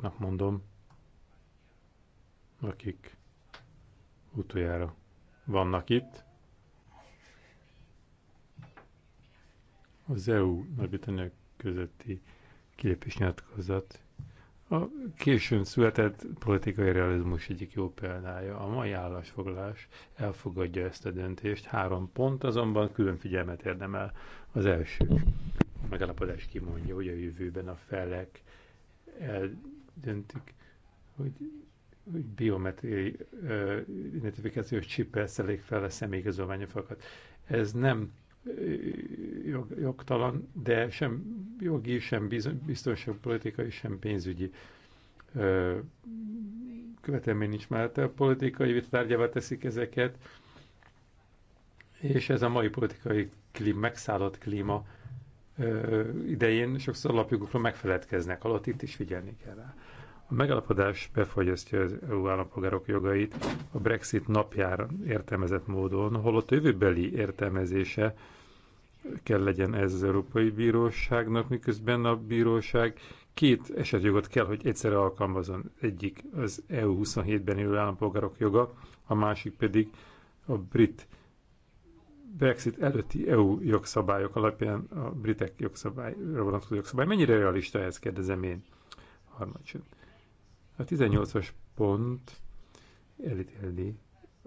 azoknak mondom, akik utoljára vannak itt. Az EU Nagy-Britannia közötti kilépés nyilatkozat a későn született politikai realizmus egyik jó példája. A mai állásfoglalás elfogadja ezt a döntést. Három pont azonban külön figyelmet érdemel. Az első Megalapodás megállapodás kimondja, hogy a jövőben a felek el döntik, hogy, hogy biometriai identifikációs csippel szelék fel a személyigazolványokat. Ez nem jog, jogtalan, de sem jogi, sem biztonságpolitikai, sem pénzügyi uh, követelmény nincs már. A politikai vitatárgyává teszik ezeket, és ez a mai politikai klím, megszállott klíma idején sokszor alapjogokról megfeledkeznek, alatt itt is figyelni kell rá. A megalapodás befagyasztja az EU állampolgárok jogait a Brexit napjára értelmezett módon, holott a jövőbeli értelmezése kell legyen ez az Európai Bíróságnak, miközben a bíróság két esetjogot kell, hogy egyszerre alkalmazon. Egyik az EU 27-ben élő állampolgárok joga, a másik pedig a brit Brexit előtti EU jogszabályok alapján a britek jogszabályra vonatkozó jogszabály. Mennyire realista ez, kérdezem én? Harmadsorban. A 18-as pont elítéli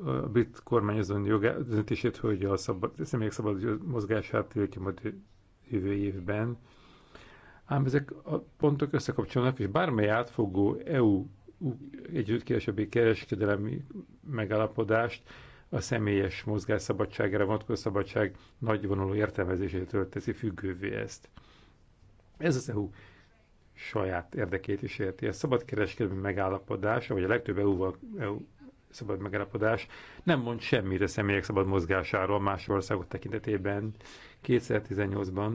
a brit kormány azon döntését, hogy a, szabad, a személyek szabad mozgását tiltja majd jövő évben. Ám ezek a pontok összekapcsolnak, és bármely átfogó EU együtt keresebbé kereskedelemi megállapodást a személyes mozgásszabadságra vonatkozó szabadság nagyvonalú értelmezésétől teszi függővé ezt. Ez az EU saját érdekét is érti. A kereskedelmi megállapodás, vagy a legtöbb EU-val EU szabad megállapodás nem mond semmit a személyek szabad mozgásáról más országok tekintetében. 2018-ban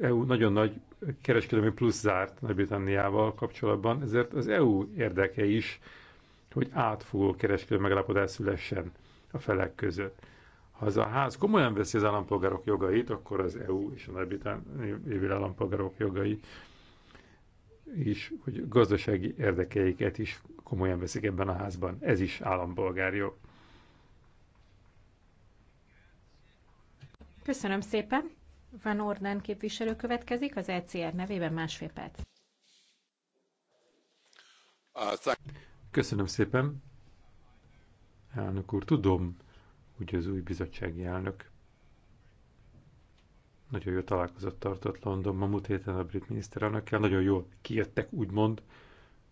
EU nagyon nagy kereskedelmi plusz zárt Nagy-Britanniával kapcsolatban, ezért az EU érdeke is hogy átfogó kereskedő megállapodás szülessen a felek között. Ha az a ház komolyan veszi az állampolgárok jogait, akkor az EU és a nagy-britanniai állampolgárok jogai is, hogy gazdasági érdekeiket is komolyan veszik ebben a házban. Ez is állampolgár jog. Köszönöm szépen. Van Orden képviselő következik, az ECR nevében másfél perc. Uh, Köszönöm szépen. Elnök úr, tudom, hogy az új bizottsági elnök nagyon jó találkozott tartott Londonban múlt héten a brit miniszterelnökkel, nagyon jól kijöttek, úgymond,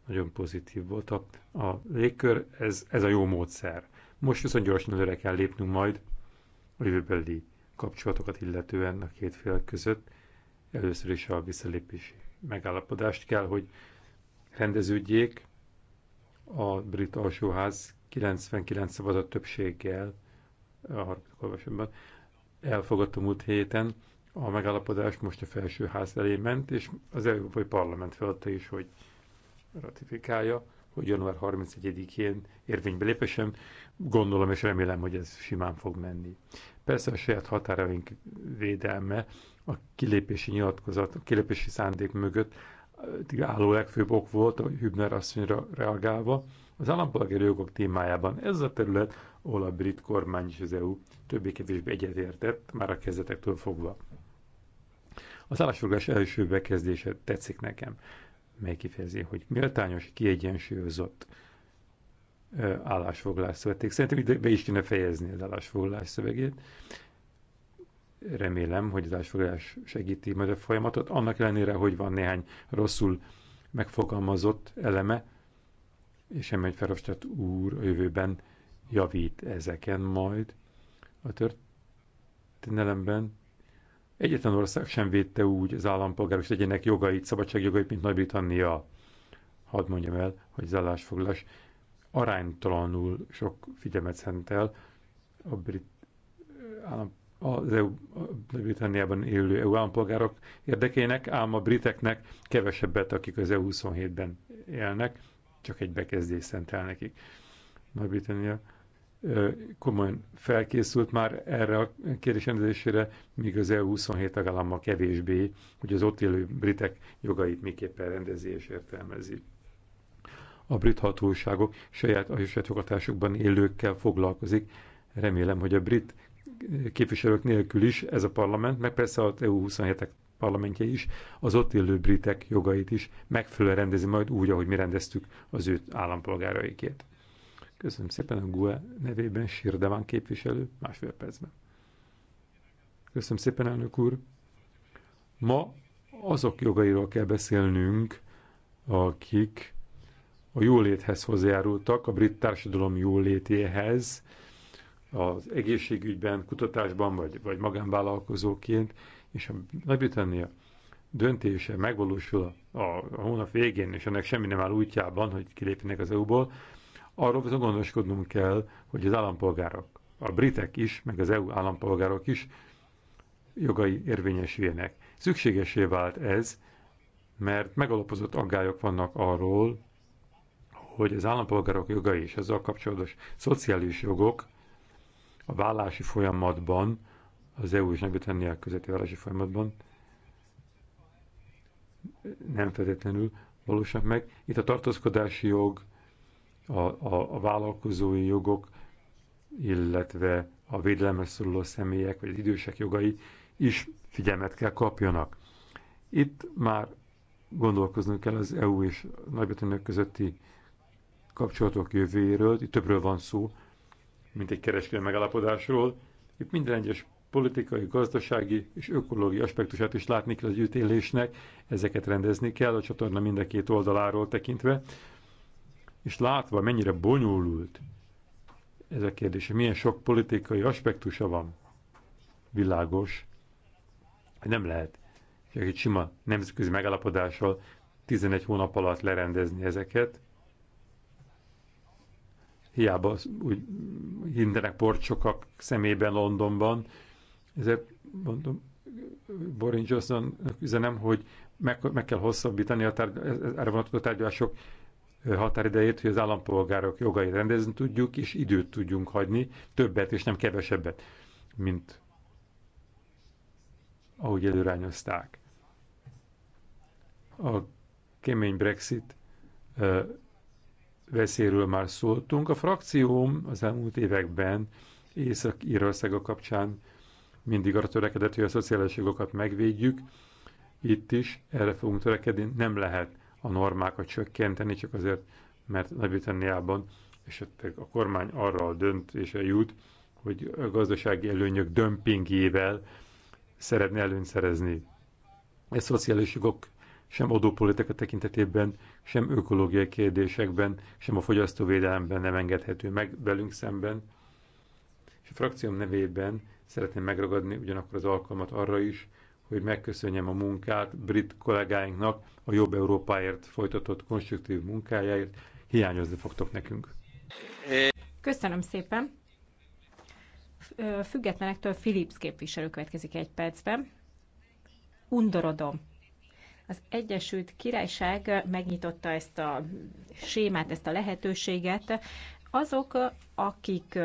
nagyon pozitív volt a, a légkör, ez, ez a jó módszer. Most viszont gyorsan előre kell lépnünk majd a jövőbeli kapcsolatokat illetően a két fél között. Először is a visszalépési megállapodást kell, hogy rendeződjék, a brit alsóház 99 szavazat többséggel a harmadik olvasatban elfogadta múlt héten a megállapodás most a felsőház elé ment, és az Európai Parlament feladta is, hogy ratifikálja, hogy január 31-én érvénybe lépesen. Gondolom és remélem, hogy ez simán fog menni. Persze a saját határaink védelme a kilépési nyilatkozat, a kilépési szándék mögött álló legfőbb ok volt, a Hübner asszonyra reagálva, az állampolgári jogok témájában ez a terület, ahol a brit kormány és az EU többé-kevésbé egyetértett, már a kezdetektől fogva. Az állásfoglalás első bekezdése tetszik nekem, mely kifejezi, hogy méltányos, kiegyensúlyozott állásfoglás szövették. Szerintem ide be is kéne fejezni az állásfoglás szövegét. Remélem, hogy az ásfogás segíti majd a folyamatot, annak ellenére, hogy van néhány rosszul megfogalmazott eleme, és Emegy Ferostat úr a jövőben javít ezeken majd. A történelemben egyetlen ország sem védte úgy az állampolgárok legyenek jogait, szabadságjogait, mint Nagy-Britannia. Hadd mondjam el, hogy az állásfoglalás aránytalanul sok figyelmet szentel a brit állam az EU, Britanniában élő EU állampolgárok érdekének, ám a briteknek kevesebbet, akik az EU27-ben élnek, csak egy bekezdés szentel nekik. Nagy-Britannia komolyan felkészült már erre a kérdésrendezésére, míg az EU 27 tagállammal kevésbé, hogy az ott élő britek jogait miképpen rendezi és értelmezi. A brit hatóságok saját a jogatásukban élőkkel foglalkozik. Remélem, hogy a brit képviselők nélkül is ez a parlament, meg persze az EU 27-ek parlamentje is, az ott élő britek jogait is megfelelően rendezi majd úgy, ahogy mi rendeztük az ő állampolgáraikét. Köszönöm szépen a GUE nevében, Sirdeván képviselő, másfél percben. Köszönöm szépen, elnök úr. Ma azok jogairól kell beszélnünk, akik a jóléthez hozzájárultak, a brit társadalom jólétéhez, az egészségügyben, kutatásban vagy, vagy magánvállalkozóként, és a Nagy-Britannia döntése megvalósul a, a hónap végén, és ennek semmi nem áll útjában, hogy kilépjenek az EU-ból, arról viszont gondoskodnunk kell, hogy az állampolgárok, a britek is, meg az EU állampolgárok is jogai érvényesüljenek. Szükségesé vált ez, mert megalapozott aggályok vannak arról, hogy az állampolgárok jogai és azzal kapcsolatos szociális jogok a vállási folyamatban, az EU és Nagy-Britannia közötti vállási folyamatban nem feltétlenül valósak meg. Itt a tartózkodási jog, a, a, a vállalkozói jogok, illetve a védelemre szoruló személyek, vagy az idősek jogai is figyelmet kell kapjanak. Itt már gondolkoznunk kell az EU és Nagy-Britannia közötti kapcsolatok jövőjéről, itt többről van szó, mint egy kereskedelmi megalapodásról, Itt minden egyes politikai, gazdasági és ökológiai aspektusát is látni kell az ütélésnek, ezeket rendezni kell a csatorna mind a két oldaláról tekintve, és látva mennyire bonyolult ez a kérdés, milyen sok politikai aspektusa van, világos, nem lehet csak egy sima nemzetközi megalapodással 11 hónap alatt lerendezni ezeket, hiába úgy hindenek porcsokak szemében Londonban. Ezért mondom, Boris Johnson üzenem, hogy meg, meg kell hosszabbítani a tárgy, erre vonatkozó tárgyalások határidejét, hogy az állampolgárok jogait rendezni tudjuk, és időt tudjunk hagyni, többet és nem kevesebbet, mint ahogy előrányozták. A kemény Brexit veszélyről már szóltunk. A frakcióm az elmúlt években Észak-Írországa kapcsán mindig arra törekedett, hogy a szociális jogokat megvédjük. Itt is erre fogunk törekedni. Nem lehet a normákat csökkenteni, csak azért, mert Nagy-Britanniában és a kormány arra a döntése jut, hogy a gazdasági előnyök dömpingével szeretne előnyt szerezni. Ez szociális jogok sem adópolitika tekintetében, sem ökológiai kérdésekben, sem a fogyasztóvédelemben nem engedhető meg velünk szemben. És a frakcióm nevében szeretném megragadni ugyanakkor az alkalmat arra is, hogy megköszönjem a munkát brit kollégáinknak a jobb Európáért folytatott konstruktív munkájáért. Hiányozni fogtok nekünk. Köszönöm szépen. Függetlenektől Philips képviselő következik egy percben. Undorodom az Egyesült Királyság megnyitotta ezt a sémát, ezt a lehetőséget, azok, akik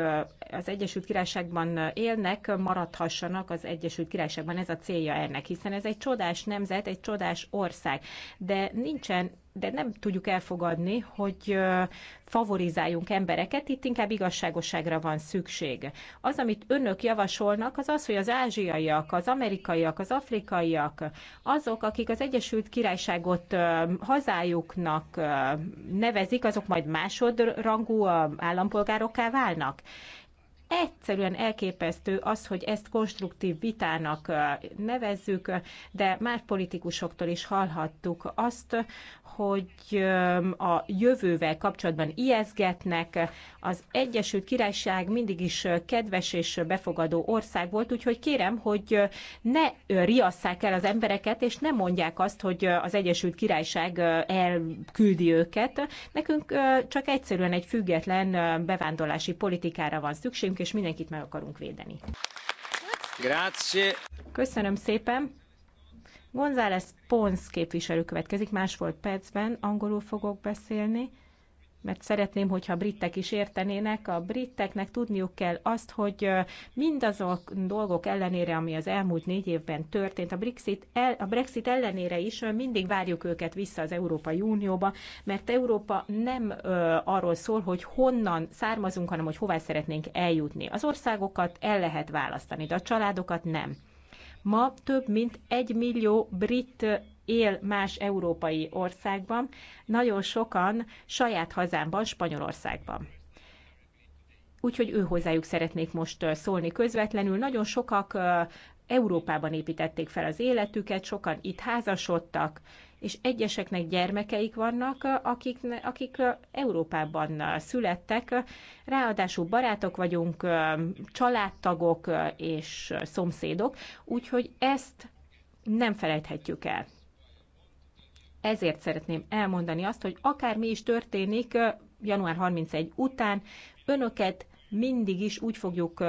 az Egyesült Királyságban élnek, maradhassanak az Egyesült Királyságban. Ez a célja ennek, hiszen ez egy csodás nemzet, egy csodás ország, de nincsen de nem tudjuk elfogadni, hogy favorizáljunk embereket, itt inkább igazságosságra van szükség. Az, amit önök javasolnak, az az, hogy az ázsiaiak, az amerikaiak, az afrikaiak, azok, akik az Egyesült Királyságot hazájuknak nevezik, azok majd másodrangú állampolgárokká válnak. Egyszerűen elképesztő az, hogy ezt konstruktív vitának nevezzük, de már politikusoktól is hallhattuk azt, hogy a jövővel kapcsolatban ijeszgetnek. Az Egyesült Királyság mindig is kedves és befogadó ország volt, úgyhogy kérem, hogy ne riasszák el az embereket, és ne mondják azt, hogy az Egyesült Királyság elküldi őket. Nekünk csak egyszerűen egy független bevándorlási politikára van szükségünk, vagyunk, és mindenkit meg akarunk védeni. Grazie. Köszönöm szépen. González Pons képviselő következik, más volt percben angolul fogok beszélni mert szeretném, hogyha a britek is értenének, a briteknek tudniuk kell azt, hogy mindazok dolgok ellenére, ami az elmúlt négy évben történt, a Brexit, el, a Brexit ellenére is mindig várjuk őket vissza az Európai Unióba, mert Európa nem ö, arról szól, hogy honnan származunk, hanem hogy hová szeretnénk eljutni. Az országokat el lehet választani, de a családokat nem. Ma több mint egy millió brit él más európai országban, nagyon sokan saját hazámban, Spanyolországban. Úgyhogy ő hozzájuk szeretnék most szólni közvetlenül. Nagyon sokak Európában építették fel az életüket, sokan itt házasodtak, és egyeseknek gyermekeik vannak, akik, akik Európában születtek. Ráadásul barátok vagyunk, családtagok és szomszédok, úgyhogy ezt nem felejthetjük el. Ezért szeretném elmondani azt, hogy akár mi is történik január 31 után, önöket mindig is úgy fogjuk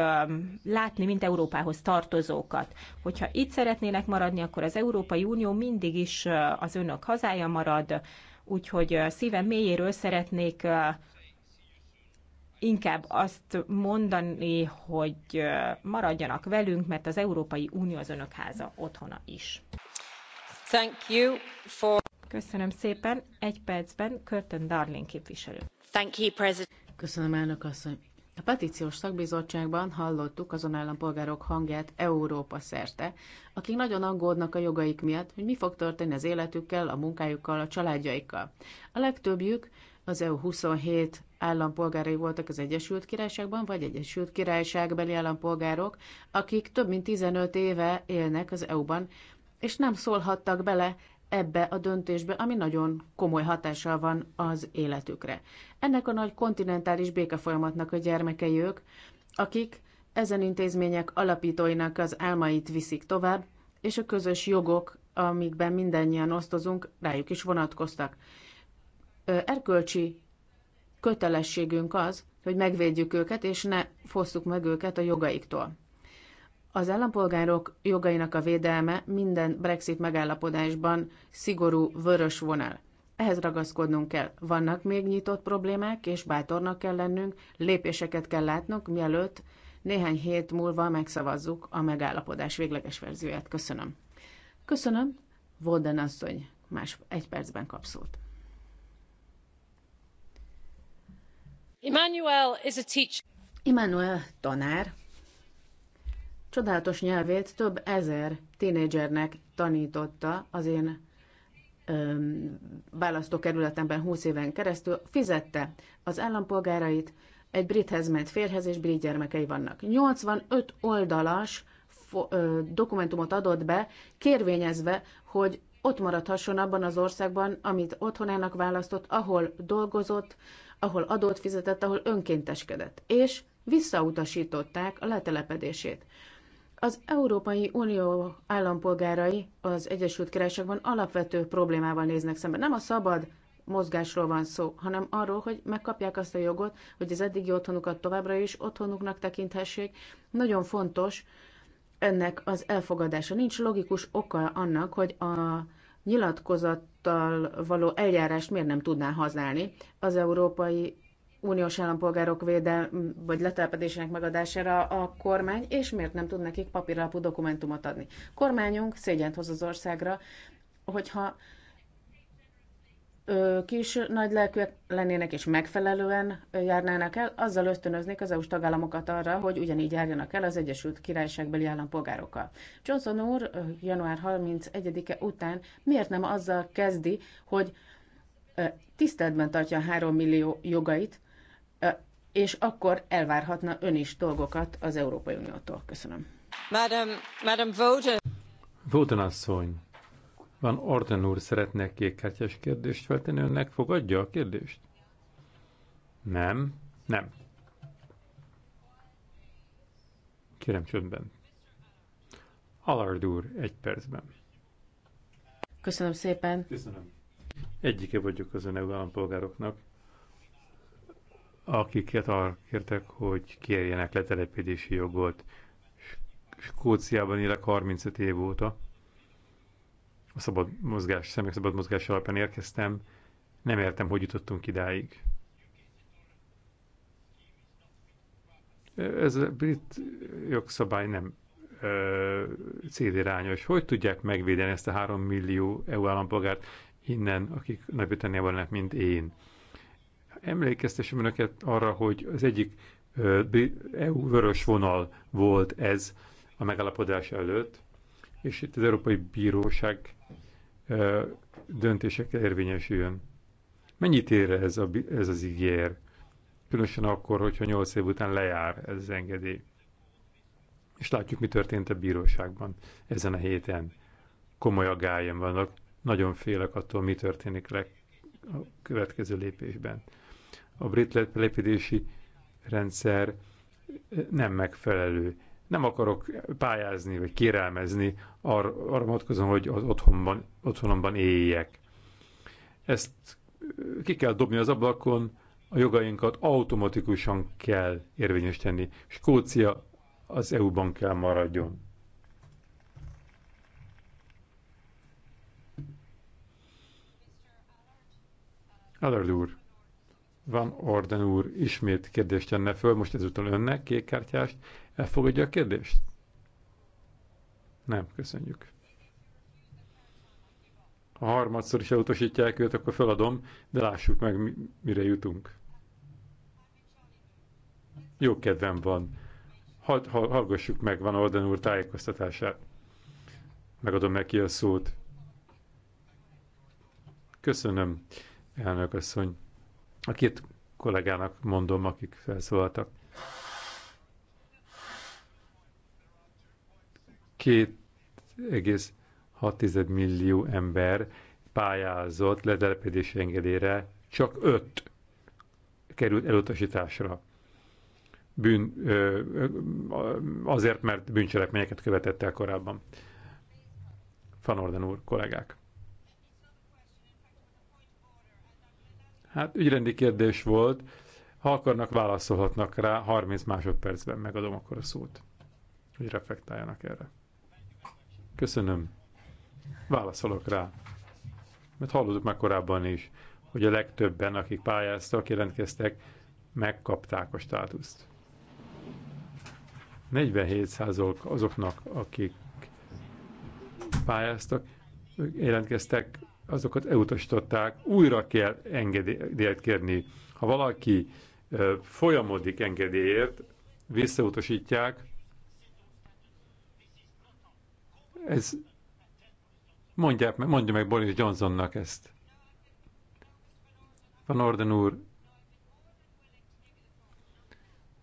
látni, mint Európához tartozókat. Hogyha itt szeretnének maradni, akkor az Európai Unió mindig is az önök hazája marad, úgyhogy szívem mélyéről szeretnék inkább azt mondani, hogy maradjanak velünk, mert az Európai Unió az önök háza otthona is. Thank you for... Köszönöm szépen. Egy percben Körtön Darling képviselő. Thank you, President. Köszönöm, elnök asszony. A petíciós szakbizottságban hallottuk azon állampolgárok hangját Európa szerte, akik nagyon aggódnak a jogaik miatt, hogy mi fog történni az életükkel, a munkájukkal, a családjaikkal. A legtöbbjük az EU 27 állampolgárai voltak az Egyesült Királyságban, vagy Egyesült Királyságbeli állampolgárok, akik több mint 15 éve élnek az EU-ban, és nem szólhattak bele ebbe a döntésbe, ami nagyon komoly hatással van az életükre. Ennek a nagy kontinentális békefolyamatnak a gyermekei ők, akik ezen intézmények alapítóinak az álmait viszik tovább, és a közös jogok, amikben mindannyian osztozunk, rájuk is vonatkoztak. Erkölcsi kötelességünk az, hogy megvédjük őket, és ne fosszuk meg őket a jogaiktól. Az állampolgárok jogainak a védelme minden Brexit megállapodásban szigorú vörös vonal. Ehhez ragaszkodnunk kell. Vannak még nyitott problémák, és bátornak kell lennünk, lépéseket kell látnunk, mielőtt néhány hét múlva megszavazzuk a megállapodás végleges verzióját. Köszönöm. Köszönöm. Volden asszony, más egy percben kap szót. Emmanuel is a teacher. Emmanuel tanár, csodálatos nyelvét több ezer tínédzsernek tanította az én öm, választókerületemben 20 éven keresztül, fizette az állampolgárait, egy brithez ment férhez, és brit gyermekei vannak. 85 oldalas dokumentumot adott be, kérvényezve, hogy ott maradhasson abban az országban, amit otthonának választott, ahol dolgozott, ahol adót fizetett, ahol önkénteskedett. És visszautasították a letelepedését. Az Európai Unió állampolgárai az Egyesült Királyságban alapvető problémával néznek szembe. Nem a szabad mozgásról van szó, hanem arról, hogy megkapják azt a jogot, hogy az eddigi otthonukat továbbra is otthonuknak tekinthessék. Nagyon fontos ennek az elfogadása. Nincs logikus oka annak, hogy a nyilatkozattal való eljárást miért nem tudná használni az Európai uniós állampolgárok védel, vagy letelepedésének megadására a kormány, és miért nem tud nekik papíralapú dokumentumot adni. Kormányunk szégyent hoz az országra, hogyha kis nagy lelkűek lennének és megfelelően járnának el, azzal ösztönöznék az EU-s tagállamokat arra, hogy ugyanígy járjanak el az Egyesült Királyságbeli állampolgárokkal. Johnson úr január 31-e után miért nem azzal kezdi, hogy tiszteletben tartja a három millió jogait, és akkor elvárhatna ön is dolgokat az Európai Uniótól. Köszönöm. Madam, Madam Voten. Voden asszony, Van Orden úr szeretne kékkártyás kérdést feltenni önnek. Fogadja a kérdést? Nem, nem. Kérem csöndben. Allard úr, egy percben. Köszönöm szépen. Köszönöm. Egyike vagyok az ön EU állampolgároknak, akiket arra kértek, hogy kérjenek letelepedési jogot. Skóciában élek 35 év óta. A szabad mozgás, személyek szabad mozgás alapján érkeztem. Nem értem, hogy jutottunk idáig. Ez a brit jogszabály nem célirányos. Hogy tudják megvédeni ezt a 3 millió EU állampolgárt innen, akik nagy britanniában mint én? Emlékeztessem önöket arra, hogy az egyik EU vörös vonal volt ez a megállapodás előtt, és itt az Európai Bíróság döntésekkel érvényesüljön. Mennyit ér ez, a, ez az ígér? Különösen akkor, hogyha 8 év után lejár ez az engedély. És látjuk, mi történt a bíróságban ezen a héten. Komoly aggályom vannak, nagyon félek attól, mi történik le a következő lépésben a brit telepítési rendszer nem megfelelő. Nem akarok pályázni vagy kérelmezni ar- arra vonatkozóan, hogy az otthonban, otthonomban éljek. Ezt ki kell dobni az ablakon, a jogainkat automatikusan kell érvényesíteni. Skócia az EU-ban kell maradjon. Allard úr. Van Orden úr ismét kérdést tenne föl, most ezúttal önnek kékkártyást. Elfogadja a kérdést? Nem, köszönjük. Ha harmadszor is elutasítják őt, akkor feladom, de lássuk meg, mire jutunk. Jó kedvem van. hall, hallgassuk meg Van Orden úr tájékoztatását. Megadom neki a szót. Köszönöm, elnök asszony. A két kollégának mondom, akik felszólaltak. Két egész 6 millió ember pályázott letelepedési engedélyre, csak öt került elutasításra. Bűn, ö, azért, mert bűncselekményeket követett el korábban. Fanorden úr, kollégák. Hát ügyrendi kérdés volt. Ha akarnak, válaszolhatnak rá 30 másodpercben, megadom akkor a szót, hogy reflektáljanak erre. Köszönöm. Válaszolok rá. Mert hallottuk már korábban is, hogy a legtöbben, akik pályáztak, jelentkeztek, megkapták a státuszt. 47% azoknak, akik pályáztak, jelentkeztek, azokat elutasították, újra kell engedélyt kérni. Ha valaki folyamodik engedélyért, visszautasítják, ez mondják, mondja meg Boris Johnsonnak ezt. Van Orden úr,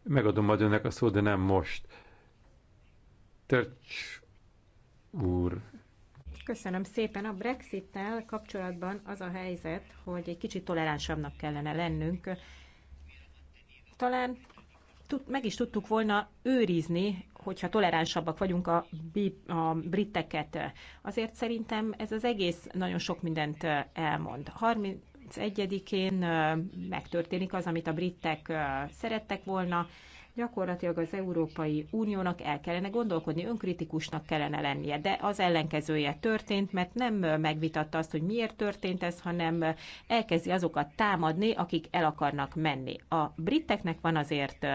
megadom majd önnek a szót, de nem most. Törcs úr, Köszönöm szépen. A Brexit-tel kapcsolatban az a helyzet, hogy egy kicsit toleránsabbnak kellene lennünk. Talán meg is tudtuk volna őrizni, hogyha toleránsabbak vagyunk a, a briteket. Azért szerintem ez az egész nagyon sok mindent elmond. 31-én megtörténik az, amit a britek szerettek volna, gyakorlatilag az Európai Uniónak el kellene gondolkodni, önkritikusnak kellene lennie, de az ellenkezője történt, mert nem megvitatta azt, hogy miért történt ez, hanem elkezdi azokat támadni, akik el akarnak menni. A briteknek van azért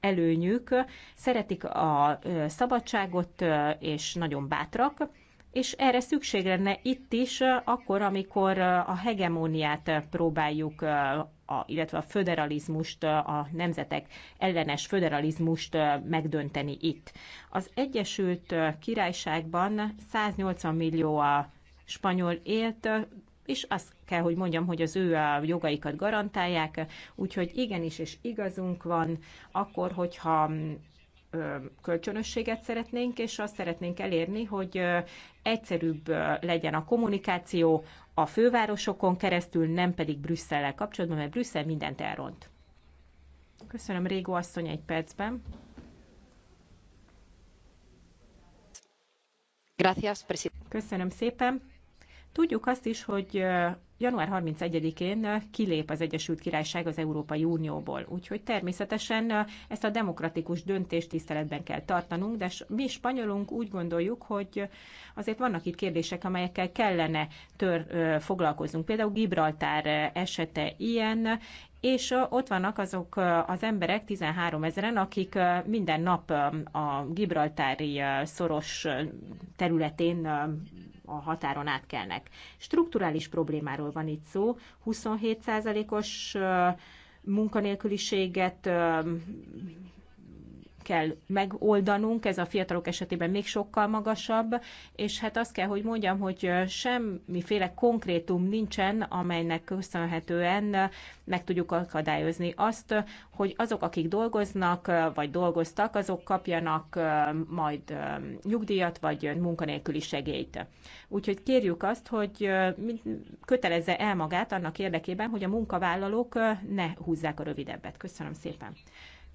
előnyük, szeretik a szabadságot, és nagyon bátrak, és erre szükség lenne itt is, akkor, amikor a hegemóniát próbáljuk a, illetve a föderalizmust, a nemzetek ellenes föderalizmust megdönteni itt. Az Egyesült Királyságban 180 millió a spanyol élt, és azt kell, hogy mondjam, hogy az ő jogaikat garantálják, úgyhogy igenis, és igazunk van, akkor, hogyha kölcsönösséget szeretnénk, és azt szeretnénk elérni, hogy egyszerűbb legyen a kommunikáció a fővárosokon keresztül, nem pedig Brüsszellel kapcsolatban, mert Brüsszel mindent elront. Köszönöm, Régó asszony, egy percben. Köszönöm szépen. Tudjuk azt is, hogy január 31-én kilép az Egyesült Királyság az Európai Unióból. Úgyhogy természetesen ezt a demokratikus döntést tiszteletben kell tartanunk, de mi spanyolunk úgy gondoljuk, hogy azért vannak itt kérdések, amelyekkel kellene tör, foglalkoznunk. Például Gibraltár esete ilyen, és ott vannak azok az emberek, 13 ezeren, akik minden nap a Gibraltári szoros területén a határon átkelnek. Strukturális problémáról van itt szó, 27%-os munkanélküliséget kell megoldanunk, ez a fiatalok esetében még sokkal magasabb, és hát azt kell, hogy mondjam, hogy semmiféle konkrétum nincsen, amelynek köszönhetően meg tudjuk akadályozni azt, hogy azok, akik dolgoznak, vagy dolgoztak, azok kapjanak majd nyugdíjat, vagy munkanélküli segélyt. Úgyhogy kérjük azt, hogy kötelezze el magát annak érdekében, hogy a munkavállalók ne húzzák a rövidebbet. Köszönöm szépen.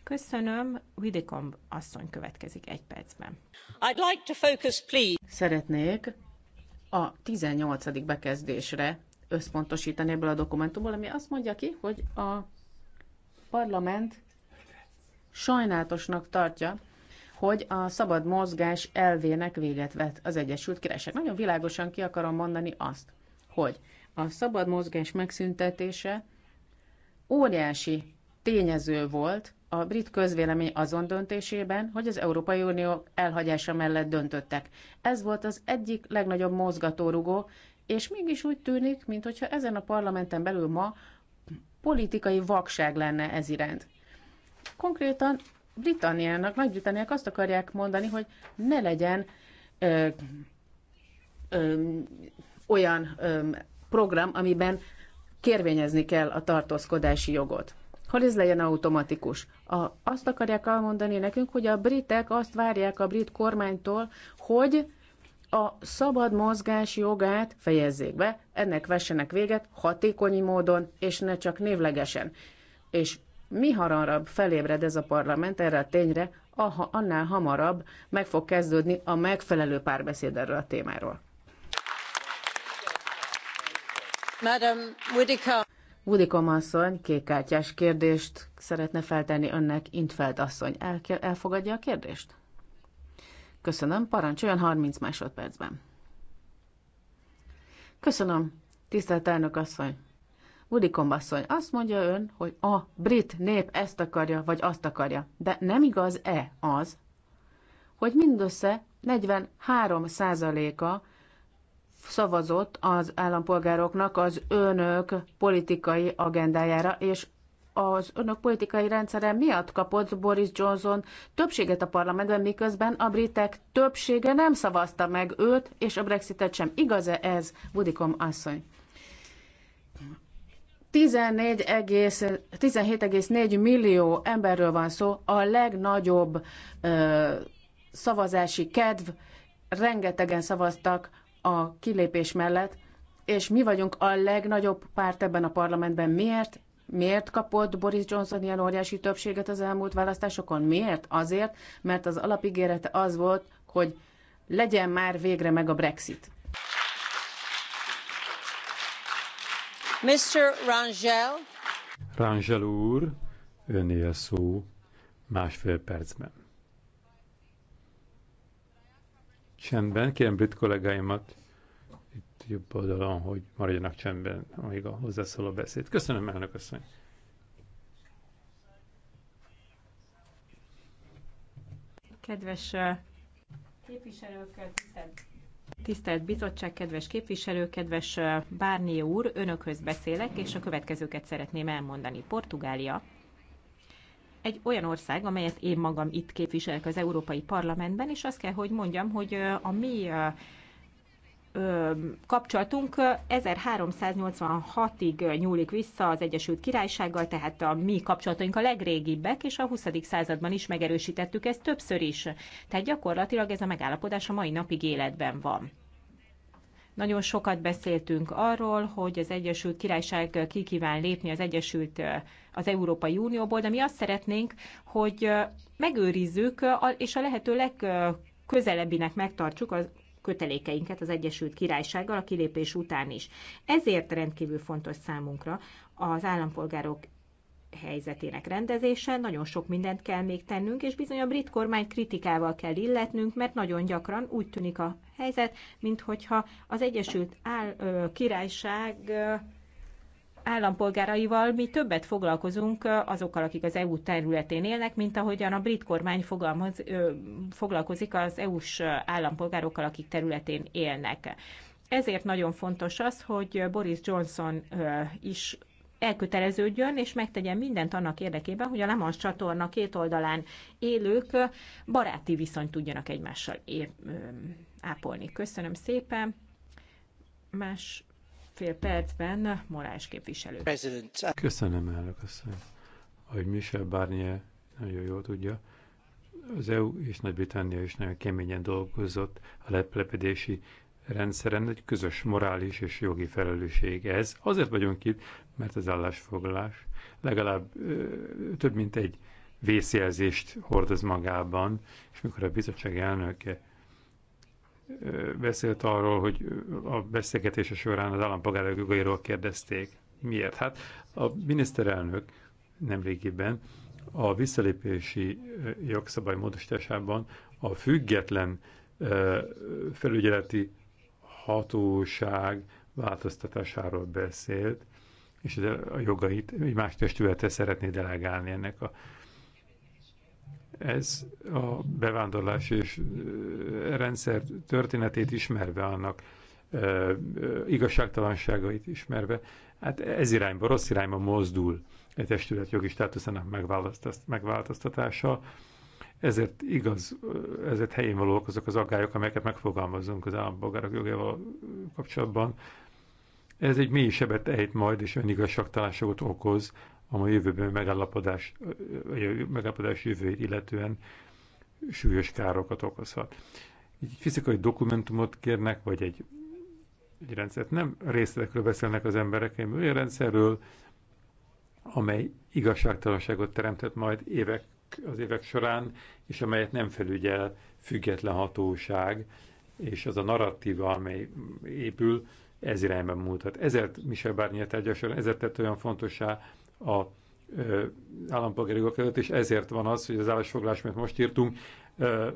Köszönöm, Widekomb asszony következik egy percben. I'd like to focus, please. Szeretnék a 18. bekezdésre összpontosítani ebből a dokumentumból, ami azt mondja ki, hogy a parlament sajnálatosnak tartja, hogy a szabad mozgás elvének véget vett az Egyesült Királyság. Nagyon világosan ki akarom mondani azt, hogy a szabad mozgás megszüntetése óriási tényező volt a brit közvélemény azon döntésében, hogy az Európai Unió elhagyása mellett döntöttek. Ez volt az egyik legnagyobb mozgatórugó, és mégis úgy tűnik, mintha ezen a parlamenten belül ma politikai vakság lenne ez iránt. Konkrétan Britanniának, Nagy-Britanniák azt akarják mondani, hogy ne legyen ö, ö, olyan ö, program, amiben kérvényezni kell a tartózkodási jogot hogy ez legyen automatikus. A, azt akarják elmondani nekünk, hogy a britek azt várják a brit kormánytól, hogy a szabad mozgás jogát fejezzék be, ennek vessenek véget hatékony módon, és ne csak névlegesen. És mi hamarabb felébred ez a parlament erre a tényre, aha, annál hamarabb meg fog kezdődni a megfelelő párbeszéd erről a témáról. Madam Whittaker. Woody asszony kékkártyás kérdést szeretne feltenni önnek, Intfeld asszony. El, elfogadja a kérdést? Köszönöm, parancsoljon 30 másodpercben. Köszönöm, tisztelt elnök asszony. Woody asszony, azt mondja ön, hogy a brit nép ezt akarja, vagy azt akarja. De nem igaz-e az, hogy mindössze 43 százaléka szavazott az állampolgároknak az önök politikai agendájára, és az önök politikai rendszere miatt kapott Boris Johnson többséget a parlamentben, miközben a britek többsége nem szavazta meg őt, és a Brexitet sem. Igaz-e ez, Budikom asszony? 17,4 millió emberről van szó, a legnagyobb ö, szavazási kedv, rengetegen szavaztak a kilépés mellett, és mi vagyunk a legnagyobb párt ebben a parlamentben. Miért? Miért kapott Boris Johnson ilyen óriási többséget az elmúlt választásokon? Miért? Azért, mert az alapígérete az volt, hogy legyen már végre meg a Brexit. Mr. Rangel. Rangel úr, önél szó másfél percben. csendben. Kérem brit kollégáimat itt jobb oldalon, hogy maradjanak csendben, amíg a hozzászóló beszéd. Köszönöm, elnök asszony. Kedves képviselők, tisztelt, tisztelt bizottság, kedves képviselők, kedves Bárnyi úr, önökhöz beszélek, és a következőket szeretném elmondani. Portugália egy olyan ország, amelyet én magam itt képviselek az Európai Parlamentben, és azt kell, hogy mondjam, hogy a mi kapcsolatunk 1386-ig nyúlik vissza az Egyesült Királysággal, tehát a mi kapcsolataink a legrégibbek, és a 20. században is megerősítettük ezt többször is. Tehát gyakorlatilag ez a megállapodás a mai napig életben van. Nagyon sokat beszéltünk arról, hogy az Egyesült Királyság ki kíván lépni az Egyesült az Európai Unióból, de mi azt szeretnénk, hogy megőrizzük és a lehető legközelebbinek megtartsuk az kötelékeinket az Egyesült Királysággal a kilépés után is. Ezért rendkívül fontos számunkra az állampolgárok helyzetének rendezése. Nagyon sok mindent kell még tennünk, és bizony a brit kormány kritikával kell illetnünk, mert nagyon gyakran úgy tűnik a helyzet, minthogyha az Egyesült Áll, Királyság állampolgáraival mi többet foglalkozunk azokkal, akik az EU területén élnek, mint ahogyan a brit kormány fogalmaz, foglalkozik az EU-s állampolgárokkal, akik területén élnek. Ezért nagyon fontos az, hogy Boris Johnson is elköteleződjön, és megtegyen mindent annak érdekében, hogy a Lemans csatorna két oldalán élők baráti viszonyt tudjanak egymással ér, ápolni. Köszönöm szépen. Más fél percben morális képviselő. Köszönöm, elnök asszony, hogy Michel Barnier nagyon jól tudja, az EU és Nagy-Britannia is nagyon keményen dolgozott a leplepedési rendszeren egy közös morális és jogi felelősség ez. Azért vagyunk itt, mert az állásfoglalás legalább ö, több mint egy vészjelzést hordoz magában, és mikor a bizottság elnöke beszélt arról, hogy a beszélgetése során az állampolgárok jogairól kérdezték. Miért? Hát a miniszterelnök nemrégiben a visszalépési jogszabály módosításában a független felügyeleti hatóság változtatásáról beszélt, és a jogait egy más testületre szeretné delegálni ennek a ez a bevándorlás és rendszer történetét ismerve, annak igazságtalanságait ismerve, hát ez irányba, rossz irányba mozdul egy testület jogi státuszának megváltoztatása. Ezért igaz, ezért helyén valók azok az aggályok, amelyeket megfogalmazunk az állampolgárok jogával kapcsolatban, ez egy mély sebet ejt majd, és önigazságtalanságot okoz a ma jövőben megállapodás, megállapodás jövőjét illetően súlyos károkat okozhat. Egy fizikai dokumentumot kérnek, vagy egy, egy rendszert. Nem részletekről beszélnek az emberek, hanem olyan rendszerről, amely igazságtalanságot teremtett majd évek, az évek során, és amelyet nem felügyel független hatóság, és az a narratíva, amely épül, ez irányban mutat. Ezért Michel Barnier tárgyaláson, ezért tett olyan fontossá a állampolgári jogok előtt, és ezért van az, hogy az állásfoglalás amit most írtunk, ö,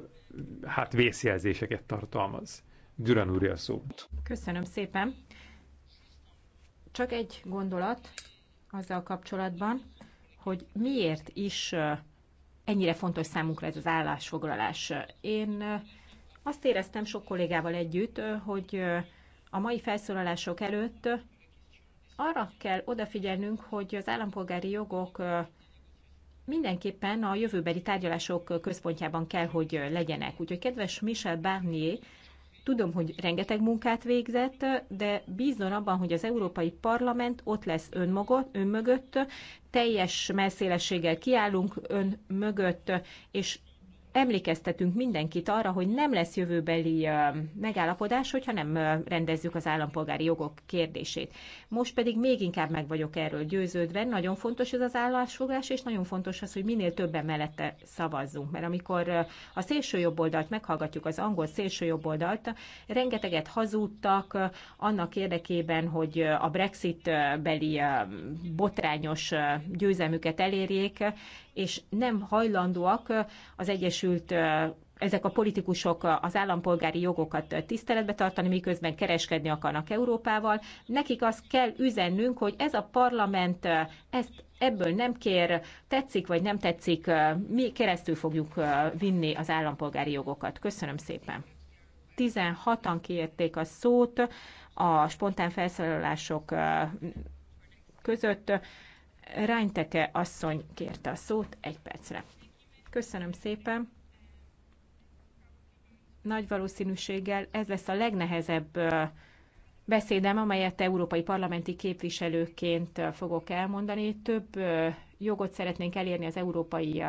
hát vészjelzéseket tartalmaz. Düran úrja szó. Köszönöm szépen. Csak egy gondolat azzal kapcsolatban, hogy miért is ennyire fontos számunkra ez az állásfoglalás. Én azt éreztem sok kollégával együtt, hogy a mai felszólalások előtt arra kell odafigyelnünk, hogy az állampolgári jogok mindenképpen a jövőbeli tárgyalások központjában kell, hogy legyenek. Úgyhogy kedves Michel Barnier, tudom, hogy rengeteg munkát végzett, de bízom abban, hogy az Európai Parlament ott lesz ön, magott, ön mögött, teljes messzélességgel kiállunk ön mögött, és emlékeztetünk mindenkit arra, hogy nem lesz jövőbeli megállapodás, hogyha nem rendezzük az állampolgári jogok kérdését. Most pedig még inkább meg vagyok erről győződve. Nagyon fontos ez az állásfoglás, és nagyon fontos az, hogy minél többen mellette szavazzunk. Mert amikor a szélső jobboldalt meghallgatjuk, az angol szélső oldalt, rengeteget hazudtak annak érdekében, hogy a Brexit beli botrányos győzelmüket elérjék, és nem hajlandóak az Egyesült ezek a politikusok az állampolgári jogokat tiszteletbe tartani, miközben kereskedni akarnak Európával. Nekik azt kell üzennünk, hogy ez a parlament ezt ebből nem kér, tetszik vagy nem tetszik, mi keresztül fogjuk vinni az állampolgári jogokat. Köszönöm szépen. 16-an kiérték a szót a spontán felszólalások között. Rányteke asszony kérte a szót egy percre. Köszönöm szépen. Nagy valószínűséggel ez lesz a legnehezebb beszédem, amelyet európai parlamenti képviselőként fogok elmondani. Több jogot szeretnénk elérni az európai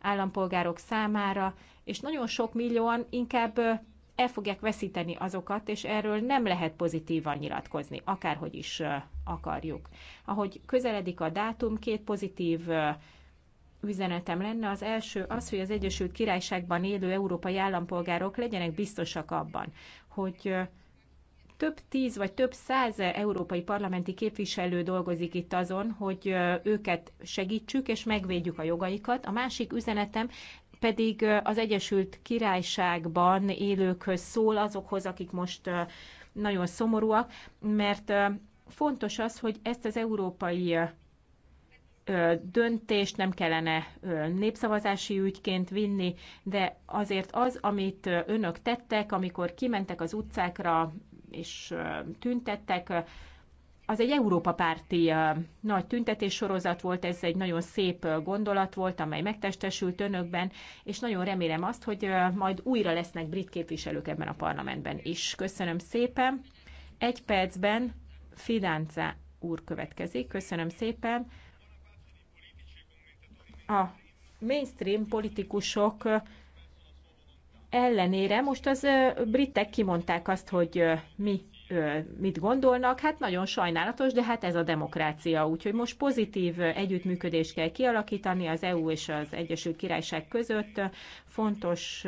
állampolgárok számára, és nagyon sok millióan inkább el fogják veszíteni azokat, és erről nem lehet pozitívan nyilatkozni, akárhogy is akarjuk. Ahogy közeledik a dátum, két pozitív üzenetem lenne. Az első az, hogy az Egyesült Királyságban élő európai állampolgárok legyenek biztosak abban, hogy több tíz vagy több száz európai parlamenti képviselő dolgozik itt azon, hogy őket segítsük és megvédjük a jogaikat. A másik üzenetem pedig az Egyesült Királyságban élőkhöz szól, azokhoz, akik most nagyon szomorúak, mert fontos az, hogy ezt az európai döntést nem kellene népszavazási ügyként vinni, de azért az, amit önök tettek, amikor kimentek az utcákra és tüntettek, az egy Európa párti nagy tüntetéssorozat volt, ez egy nagyon szép gondolat volt, amely megtestesült önökben, és nagyon remélem azt, hogy majd újra lesznek brit képviselők ebben a parlamentben is. Köszönöm szépen. Egy percben Fidánca úr következik. Köszönöm szépen. A mainstream politikusok ellenére most az britek kimondták azt, hogy mi mit gondolnak, hát nagyon sajnálatos, de hát ez a demokrácia. Úgyhogy most pozitív együttműködést kell kialakítani az EU és az Egyesült Királyság között. Fontos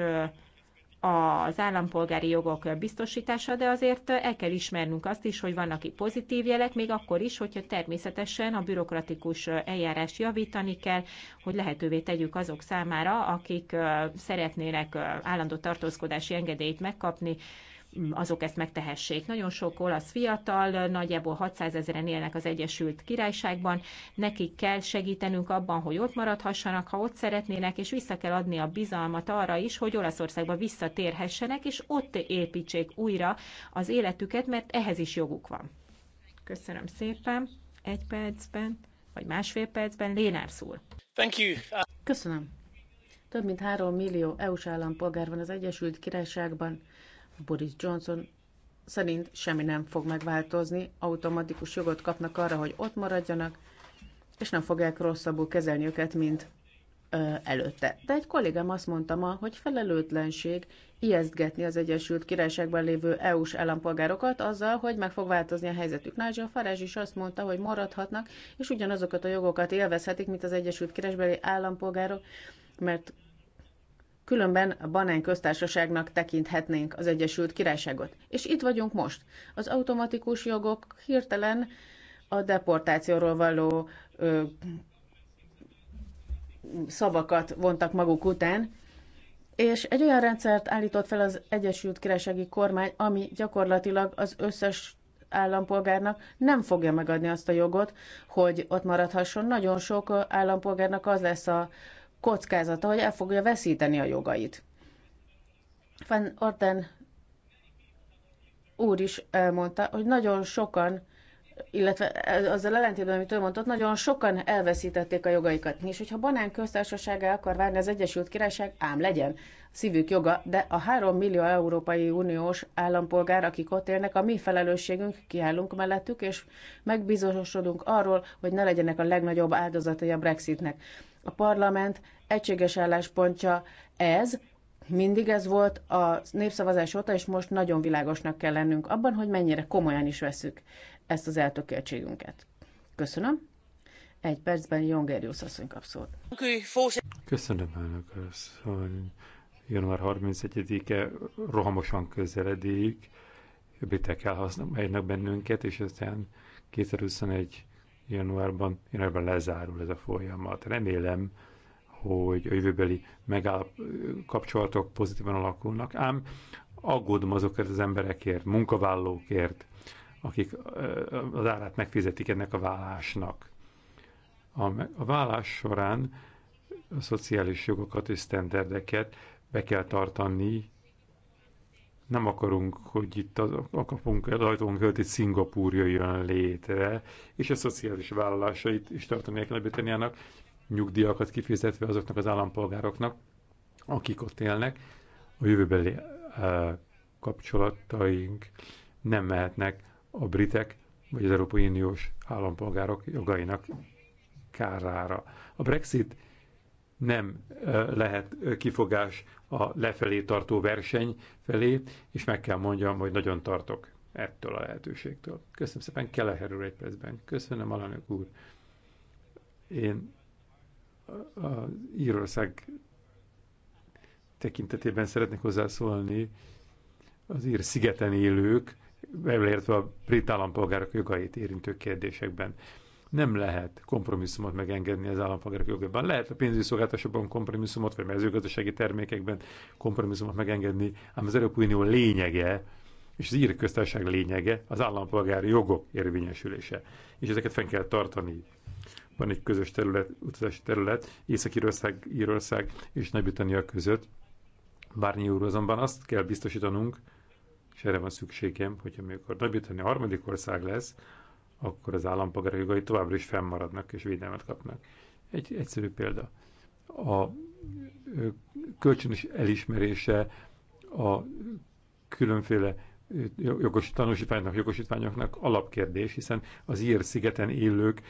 az állampolgári jogok biztosítása, de azért el kell ismernünk azt is, hogy vannak itt pozitív jelek, még akkor is, hogyha természetesen a bürokratikus eljárás javítani kell, hogy lehetővé tegyük azok számára, akik szeretnének állandó tartózkodási engedélyt megkapni, azok ezt megtehessék. Nagyon sok olasz fiatal, nagyjából 600 ezeren élnek az Egyesült Királyságban, nekik kell segítenünk abban, hogy ott maradhassanak, ha ott szeretnének, és vissza kell adni a bizalmat arra is, hogy Olaszországba visszatérhessenek, és ott építsék újra az életüket, mert ehhez is joguk van. Köszönöm szépen. Egy percben, vagy másfél percben, Lénár szól. Thank you. Köszönöm. Több mint három millió EU-s állampolgár van az Egyesült Királyságban, Boris Johnson szerint semmi nem fog megváltozni, automatikus jogot kapnak arra, hogy ott maradjanak, és nem fogják rosszabbul kezelni őket, mint ö, előtte. De egy kollégám azt mondta ma, hogy felelőtlenség ijesztgetni az Egyesült Királyságban lévő EU-s állampolgárokat azzal, hogy meg fog változni a helyzetük. Nigel Farage is azt mondta, hogy maradhatnak, és ugyanazokat a jogokat élvezhetik, mint az Egyesült Királyságbeli állampolgárok, mert Különben a banán köztársaságnak tekinthetnénk az Egyesült Királyságot. És itt vagyunk most. Az automatikus jogok hirtelen a deportációról való ö, szavakat vontak maguk után, és egy olyan rendszert állított fel az Egyesült Királysági Kormány, ami gyakorlatilag az összes állampolgárnak nem fogja megadni azt a jogot, hogy ott maradhasson. Nagyon sok állampolgárnak az lesz a kockázata, hogy el fogja veszíteni a jogait. Van Orten úr is elmondta, hogy nagyon sokan, illetve azzal ellentétben, amit ő mondott, nagyon sokan elveszítették a jogaikat. És hogyha banán köztársasága akar várni az Egyesült Királyság, ám legyen szívük joga, de a három millió Európai Uniós állampolgár, akik ott élnek, a mi felelősségünk, kiállunk mellettük, és megbizonyosodunk arról, hogy ne legyenek a legnagyobb áldozatai a Brexitnek. A parlament egységes álláspontja ez, mindig ez volt a népszavazás óta, és most nagyon világosnak kell lennünk abban, hogy mennyire komolyan is veszük ezt az eltökéltségünket. Köszönöm. Egy percben Jósz asszony kap szót. Köszönöm, elnök asszony. Január 31-e rohamosan közeledik. Britek elhasználnak bennünket, és aztán 2021 januárban, januárban lezárul ez a folyamat. Remélem, hogy a jövőbeli megáll kapcsolatok pozitívan alakulnak, ám aggódom azokért az emberekért, munkavállalókért, akik az árát megfizetik ennek a vállásnak. A, a vállás során a szociális jogokat és sztenderdeket be kell tartani, nem akarunk, hogy itt az, a kapunk az ajtónk előtt egy Szingapúr jöjjön létre, és a szociális vállalásait is tartani kell Britanniának, nyugdíjakat kifizetve azoknak az állampolgároknak, akik ott élnek, a jövőbeli e, kapcsolataink nem mehetnek a britek vagy az Európai Uniós állampolgárok jogainak kárára. A Brexit nem lehet kifogás a lefelé tartó verseny felé, és meg kell mondjam, hogy nagyon tartok ettől a lehetőségtől. Köszönöm szépen, Keleher úr egy percben. Köszönöm, alanyok úr. Én az Írország tekintetében szeretnék hozzászólni az ír szigeten élők, illetve a brit állampolgárok jogait érintő kérdésekben nem lehet kompromisszumot megengedni az állampolgárok jogában. Lehet a pénzügyi szolgáltatásokban kompromisszumot, vagy mezőgazdasági termékekben kompromisszumot megengedni, ám az Európai Unió lényege, és az ír köztársaság lényege az állampolgári jogok érvényesülése. És ezeket fenn kell tartani. Van egy közös terület, utazási terület Észak-Írország, Írország és Nagy-Britannia között. Bárnyi úr azonban azt kell biztosítanunk, és erre van szükségem, hogy amikor Nagy-Britannia harmadik ország lesz, akkor az állampolgárok jogai továbbra is fennmaradnak és védelmet kapnak. Egy egyszerű példa. A kölcsönös elismerése a különféle jogos tanúsítványoknak, jogosítványoknak alapkérdés, hiszen az ír szigeten élők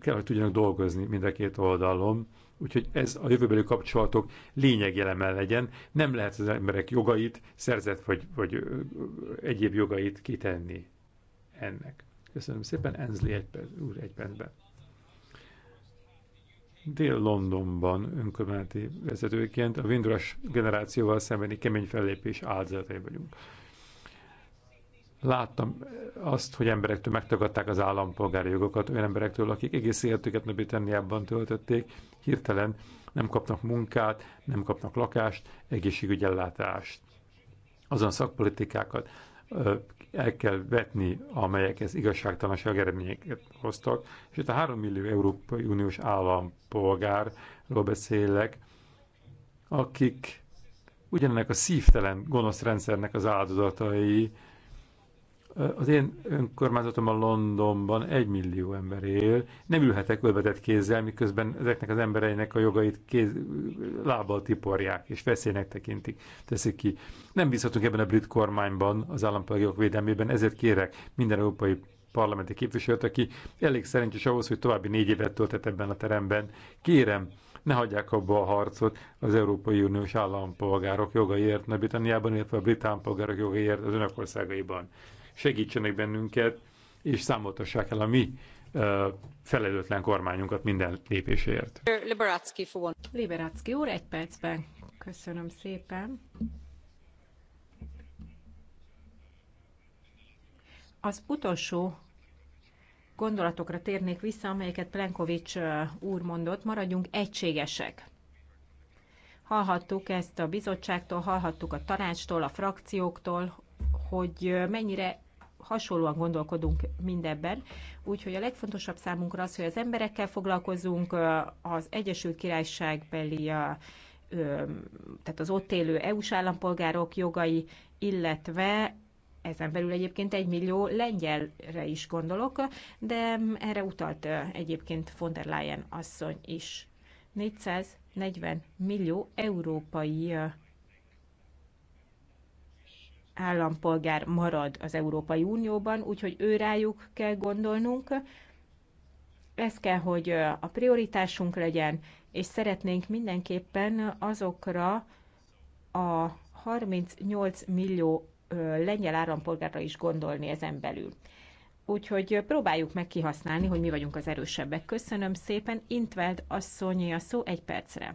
kell, hogy tudjanak dolgozni mind a két oldalon, úgyhogy ez a jövőbeli kapcsolatok lényegeleme legyen. Nem lehet az emberek jogait, szerzett vagy, vagy egyéb jogait kitenni ennek. Köszönöm szépen, Enzli egy perc, úr egy percben. Dél-Londonban önkormányzati vezetőként a Windrush generációval szembeni kemény fellépés áldozatai vagyunk. Láttam azt, hogy emberektől megtagadták az állampolgári jogokat, olyan emberektől, akik egész életüket tenni ebben töltötték, hirtelen nem kapnak munkát, nem kapnak lakást, egészségügyellátást. Azon szakpolitikákat, el kell vetni, amelyek ez igazságtalanság eredményeket hoztak, és itt a 3 millió Európai Uniós állampolgárról beszélek, akik ugyanennek a szívtelen gonosz rendszernek az áldozatai, az én önkormányzatom a Londonban egy millió ember él, nem ülhetek ölvetett kézzel, miközben ezeknek az embereinek a jogait kéz, lábbal tiporják és veszélynek tekintik, teszik ki. Nem bízhatunk ebben a brit kormányban, az állampolgárok védelmében, ezért kérek minden európai parlamenti képviselőt, aki elég szerencsés ahhoz, hogy további négy évet töltet ebben a teremben. Kérem, ne hagyják abba a harcot az Európai Uniós állampolgárok jogaiért Nagy-Britanniában, illetve a brit állampolgárok jogaiért az önök országaiban segítsenek bennünket, és számoltassák el a mi felelőtlen kormányunkat minden lépéséért. Liberacki, Liberacki úr, egy percben. Köszönöm szépen. Az utolsó gondolatokra térnék vissza, amelyeket Plenkovics úr mondott, maradjunk egységesek. Hallhattuk ezt a bizottságtól, hallhattuk a tanácstól, a frakcióktól, hogy mennyire hasonlóan gondolkodunk mindebben. Úgyhogy a legfontosabb számunkra az, hogy az emberekkel foglalkozunk, az Egyesült Királyságbeli, tehát az ott élő EU-s állampolgárok jogai, illetve ezen belül egyébként egy millió lengyelre is gondolok, de erre utalt egyébként von der Leyen asszony is. 440 millió európai állampolgár marad az Európai Unióban, úgyhogy ő rájuk kell gondolnunk. Ez kell, hogy a prioritásunk legyen, és szeretnénk mindenképpen azokra a 38 millió lengyel állampolgárra is gondolni ezen belül. Úgyhogy próbáljuk meg kihasználni, hogy mi vagyunk az erősebbek. Köszönöm szépen. Intveld asszonyi a szó egy percre.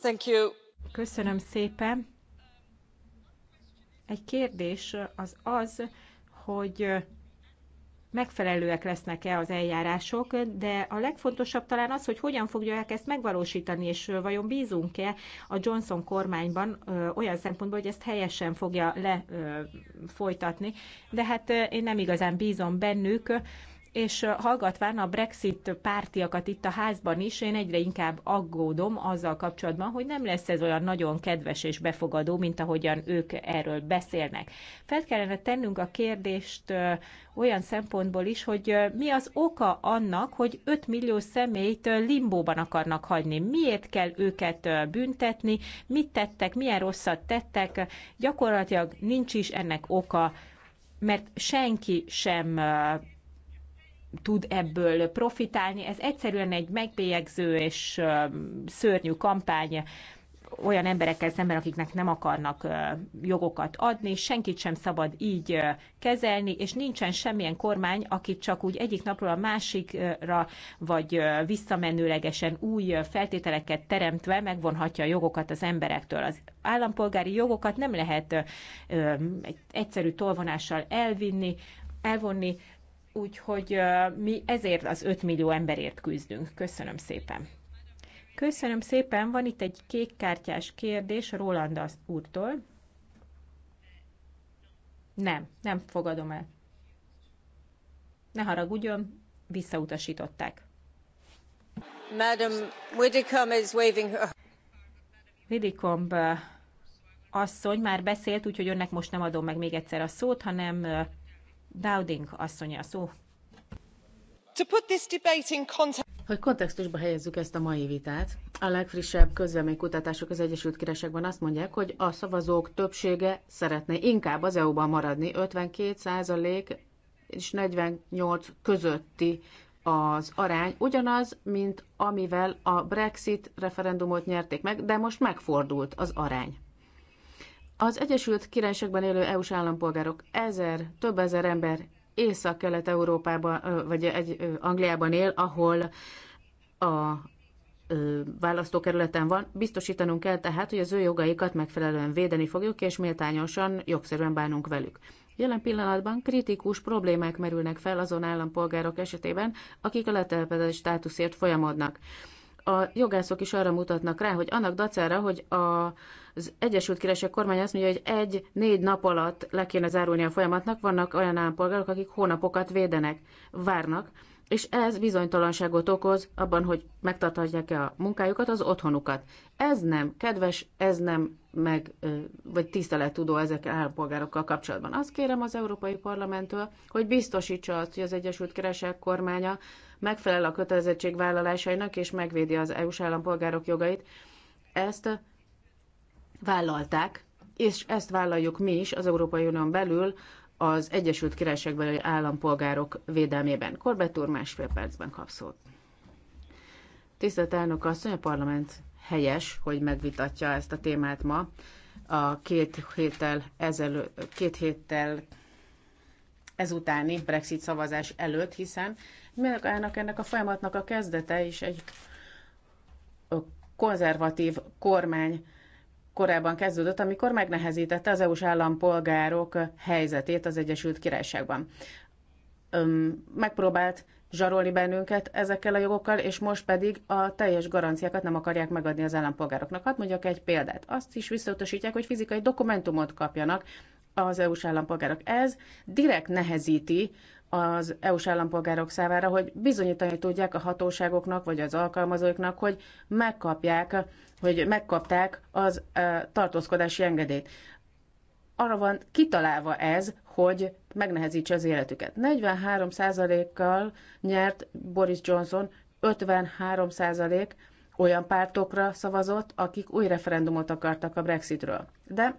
Thank you. Köszönöm szépen. Egy kérdés az az, hogy megfelelőek lesznek-e az eljárások, de a legfontosabb talán az, hogy hogyan fogják ezt megvalósítani, és vajon bízunk-e a Johnson kormányban olyan szempontból, hogy ezt helyesen fogja lefolytatni. De hát én nem igazán bízom bennük, és hallgatván a Brexit pártiakat itt a házban is, én egyre inkább aggódom azzal kapcsolatban, hogy nem lesz ez olyan nagyon kedves és befogadó, mint ahogyan ők erről beszélnek. Fel kellene tennünk a kérdést olyan szempontból is, hogy mi az oka annak, hogy 5 millió személyt limbóban akarnak hagyni. Miért kell őket büntetni, mit tettek, milyen rosszat tettek, gyakorlatilag nincs is ennek oka, mert senki sem tud ebből profitálni. Ez egyszerűen egy megbélyegző és szörnyű kampány olyan emberekkel szemben, akiknek nem akarnak jogokat adni, senkit sem szabad így kezelni, és nincsen semmilyen kormány, akit csak úgy egyik napról a másikra, vagy visszamenőlegesen új feltételeket teremtve megvonhatja a jogokat az emberektől. Az állampolgári jogokat nem lehet egy egyszerű tolvonással elvinni, elvonni, úgyhogy mi ezért az 5 millió emberért küzdünk. Köszönöm szépen. Köszönöm szépen, van itt egy kékkártyás kérdés Roland úrtól. Nem, nem fogadom el. Ne haragudjon, visszautasították. Madam Widdicombe is waving her... Widdicombe asszony már beszélt, úgyhogy önnek most nem adom meg még egyszer a szót, hanem Dowding asszonya szó. To put this debate in context... Hogy kontextusba helyezzük ezt a mai vitát, a legfrissebb közvéleménykutatások az Egyesült Királyságban azt mondják, hogy a szavazók többsége szeretné inkább az EU-ban maradni, 52% és 48 közötti az arány ugyanaz, mint amivel a Brexit referendumot nyerték meg, de most megfordult az arány. Az Egyesült Királyságban élő EU-s állampolgárok, ezer, több ezer ember Észak-Kelet-Európában, vagy egy, Angliában él, ahol a választókerületen van, biztosítanunk kell tehát, hogy az ő jogaikat megfelelően védeni fogjuk, és méltányosan, jogszerűen bánunk velük. Jelen pillanatban kritikus problémák merülnek fel azon állampolgárok esetében, akik a letelepedett státuszért folyamodnak a jogászok is arra mutatnak rá, hogy annak dacára, hogy a, az Egyesült Királyság kormány azt mondja, hogy egy-négy nap alatt le kéne zárulni a folyamatnak, vannak olyan állampolgárok, akik hónapokat védenek, várnak, és ez bizonytalanságot okoz abban, hogy megtarthatják-e a munkájukat, az otthonukat. Ez nem kedves, ez nem meg, vagy tisztelettudó ezek állampolgárokkal kapcsolatban. Azt kérem az Európai Parlamenttől, hogy biztosítsa azt, hogy az Egyesült Keresek kormánya megfelel a kötelezettségvállalásainak, és megvédi az EU-s állampolgárok jogait. Ezt vállalták, és ezt vállaljuk mi is az Európai Unión belül, az Egyesült Királyságbeli állampolgárok védelmében. Korbett úr másfél percben kap szót. Tisztelt elnök asszony, a parlament helyes, hogy megvitatja ezt a témát ma. A két héttel, ezelő, két héttel ezutáni Brexit szavazás előtt, hiszen magának ennek a folyamatnak a kezdete is egy konzervatív kormány korábban kezdődött, amikor megnehezítette az EU-s állampolgárok helyzetét az Egyesült Királyságban. Öm, megpróbált zsarolni bennünket ezekkel a jogokkal, és most pedig a teljes garanciákat nem akarják megadni az állampolgároknak. Hadd hát mondjak egy példát. Azt is visszautasítják, hogy fizikai dokumentumot kapjanak az EU-s állampolgárok. Ez direkt nehezíti az EU-s állampolgárok számára, hogy bizonyítani tudják a hatóságoknak vagy az alkalmazóiknak, hogy megkapják, hogy megkapták az tartózkodási engedélyt. Arra van kitalálva ez, hogy megnehezítse az életüket. 43%-kal nyert Boris Johnson, 53% olyan pártokra szavazott, akik új referendumot akartak a Brexitről. De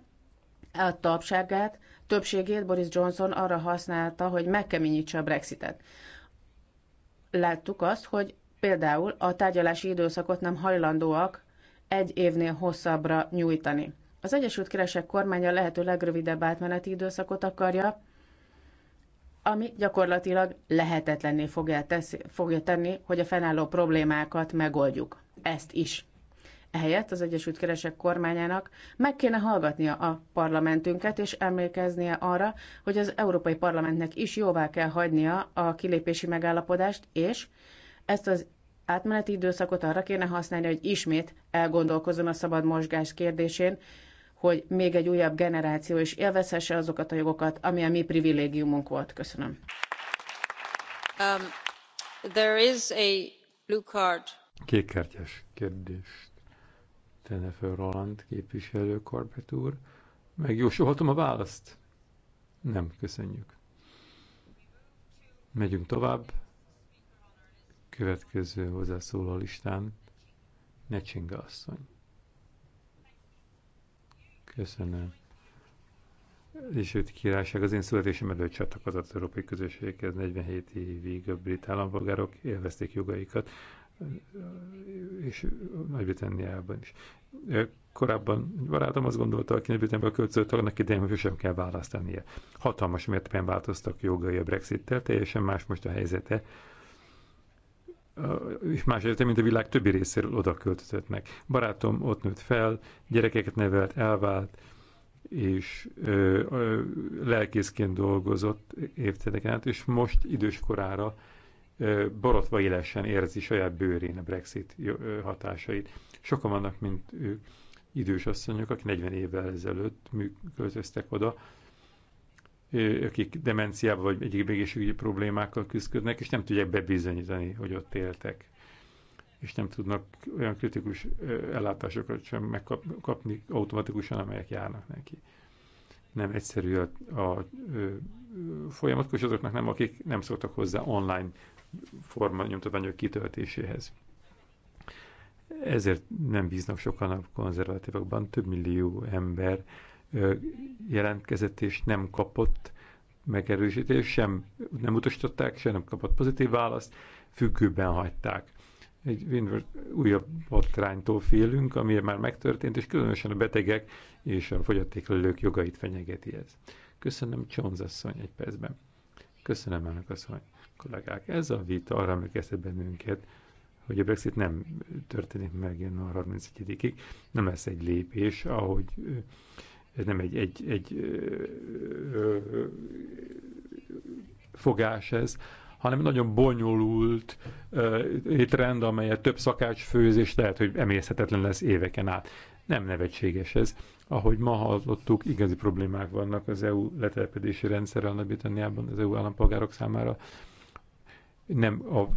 a tapságát többségét Boris Johnson arra használta, hogy megkeményítse a Brexitet. Láttuk azt, hogy például a tárgyalási időszakot nem hajlandóak egy évnél hosszabbra nyújtani. Az Egyesült Királyság kormánya lehető legrövidebb átmeneti időszakot akarja, ami gyakorlatilag lehetetlenné fogja, fogja tenni, hogy a fennálló problémákat megoldjuk. Ezt is. Ehelyett az Egyesült Keresek kormányának meg kéne hallgatnia a parlamentünket, és emlékeznie arra, hogy az Európai Parlamentnek is jóvá kell hagynia a kilépési megállapodást, és ezt az átmeneti időszakot arra kéne használni, hogy ismét elgondolkozzon a szabad mozgás kérdésén, hogy még egy újabb generáció is élvezhesse azokat a jogokat, ami a mi privilégiumunk volt. Köszönöm. Um, there is a blue card. kártyás kérdést tenne Roland képviselő Corbett úr. Megjósolhatom a választ? Nem, köszönjük. Megyünk tovább. Következő hozzászóló a listán. Necsinga asszony. Köszönöm. őt Királyság az én születésem előtt csatlakozott az európai közösséghez 47 évig a brit állampolgárok élvezték jogaikat és Nagy-Britanniában is. Korábban egy barátom azt gondolta, aki Nagy-Britanniában költözött, annak idején hogy sem kell választania. Hatalmas mértékben változtak jogai a Brexit-tel, teljesen más most a helyzete és más helyzete, mint a világ többi részéről oda költözöttnek. Barátom ott nőtt fel, gyerekeket nevelt, elvált, és ö, ö, lelkészként dolgozott évtizedeken át, és most időskorára. korára borotva élesen érzi saját bőrén a Brexit hatásait. Sokan vannak, mint ők, idős asszonyok, akik 40 évvel ezelőtt költöztek oda, akik demenciával vagy egyéb egészségügyi problémákkal küzdködnek, és nem tudják bebizonyítani, hogy ott éltek. És nem tudnak olyan kritikus ellátásokat sem megkapni automatikusan, amelyek járnak neki. Nem egyszerű a, a, a a és azoknak nem, akik nem szoktak hozzá online forma nyomtatványok kitöltéséhez. Ezért nem bíznak sokan a konzervatívokban, több millió ember jelentkezett és nem kapott megerősítést, sem nem utasították, sem nem kapott pozitív választ, függőben hagyták. Egy újabb botránytól félünk, ami már megtörtént, és különösen a betegek és a fogyatéklelők jogait fenyegeti ez. Köszönöm, Csonz asszony, egy percben. Köszönöm, elnök asszony. Kollégák, ez a vita arra emlékeztet bennünket, hogy a Brexit nem történik meg január 31-ig, nem lesz egy lépés, ahogy ez nem egy, egy, egy ö, ö, fogás ez, hanem nagyon bonyolult étrend, amelyet több szakács főz, és lehet, hogy emészhetetlen lesz éveken át. Nem nevetséges ez. Ahogy ma hallottuk, igazi problémák vannak az EU letelepedési rendszerrel Nagy-Britanniában, az EU állampolgárok számára nem a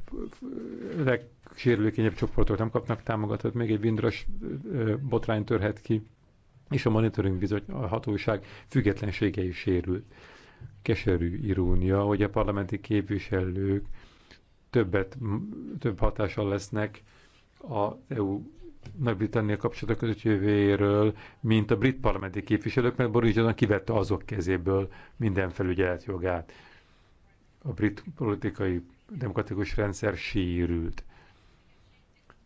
legsérülékenyebb csoportok nem kapnak támogatót, még egy vindras botrány törhet ki, és a monitoring bizony a hatóság függetlensége is sérült. Keserű irónia, hogy a parlamenti képviselők többet, több hatással lesznek az EU Nagy-Britannia kapcsolatok között jövőjéről, mint a brit parlamenti képviselők, mert Boris Johnson kivette azok kezéből minden felügyelet jogát. A brit politikai demokratikus rendszer sérült.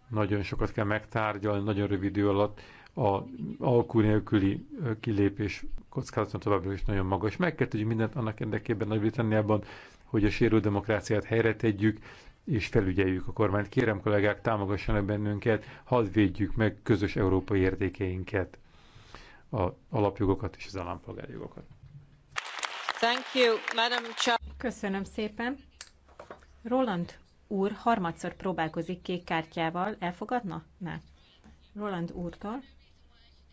Nagyon sokat kell megtárgyalni, nagyon rövid idő alatt a alkú nélküli kilépés kockázaton továbbra is nagyon magas. Meg kell tudjuk mindent annak érdekében Nagy-Britanniában, hogy a sérő demokráciát helyre tegyük, és felügyeljük a kormányt. Kérem kollégák, támogassanak bennünket, hadd védjük meg közös európai értékeinket, a alapjogokat és az állampolgárjogokat. Thank you, Madam Köszönöm szépen. Roland úr harmadszor próbálkozik kék kártyával. Elfogadna? Ne. Roland úrtól.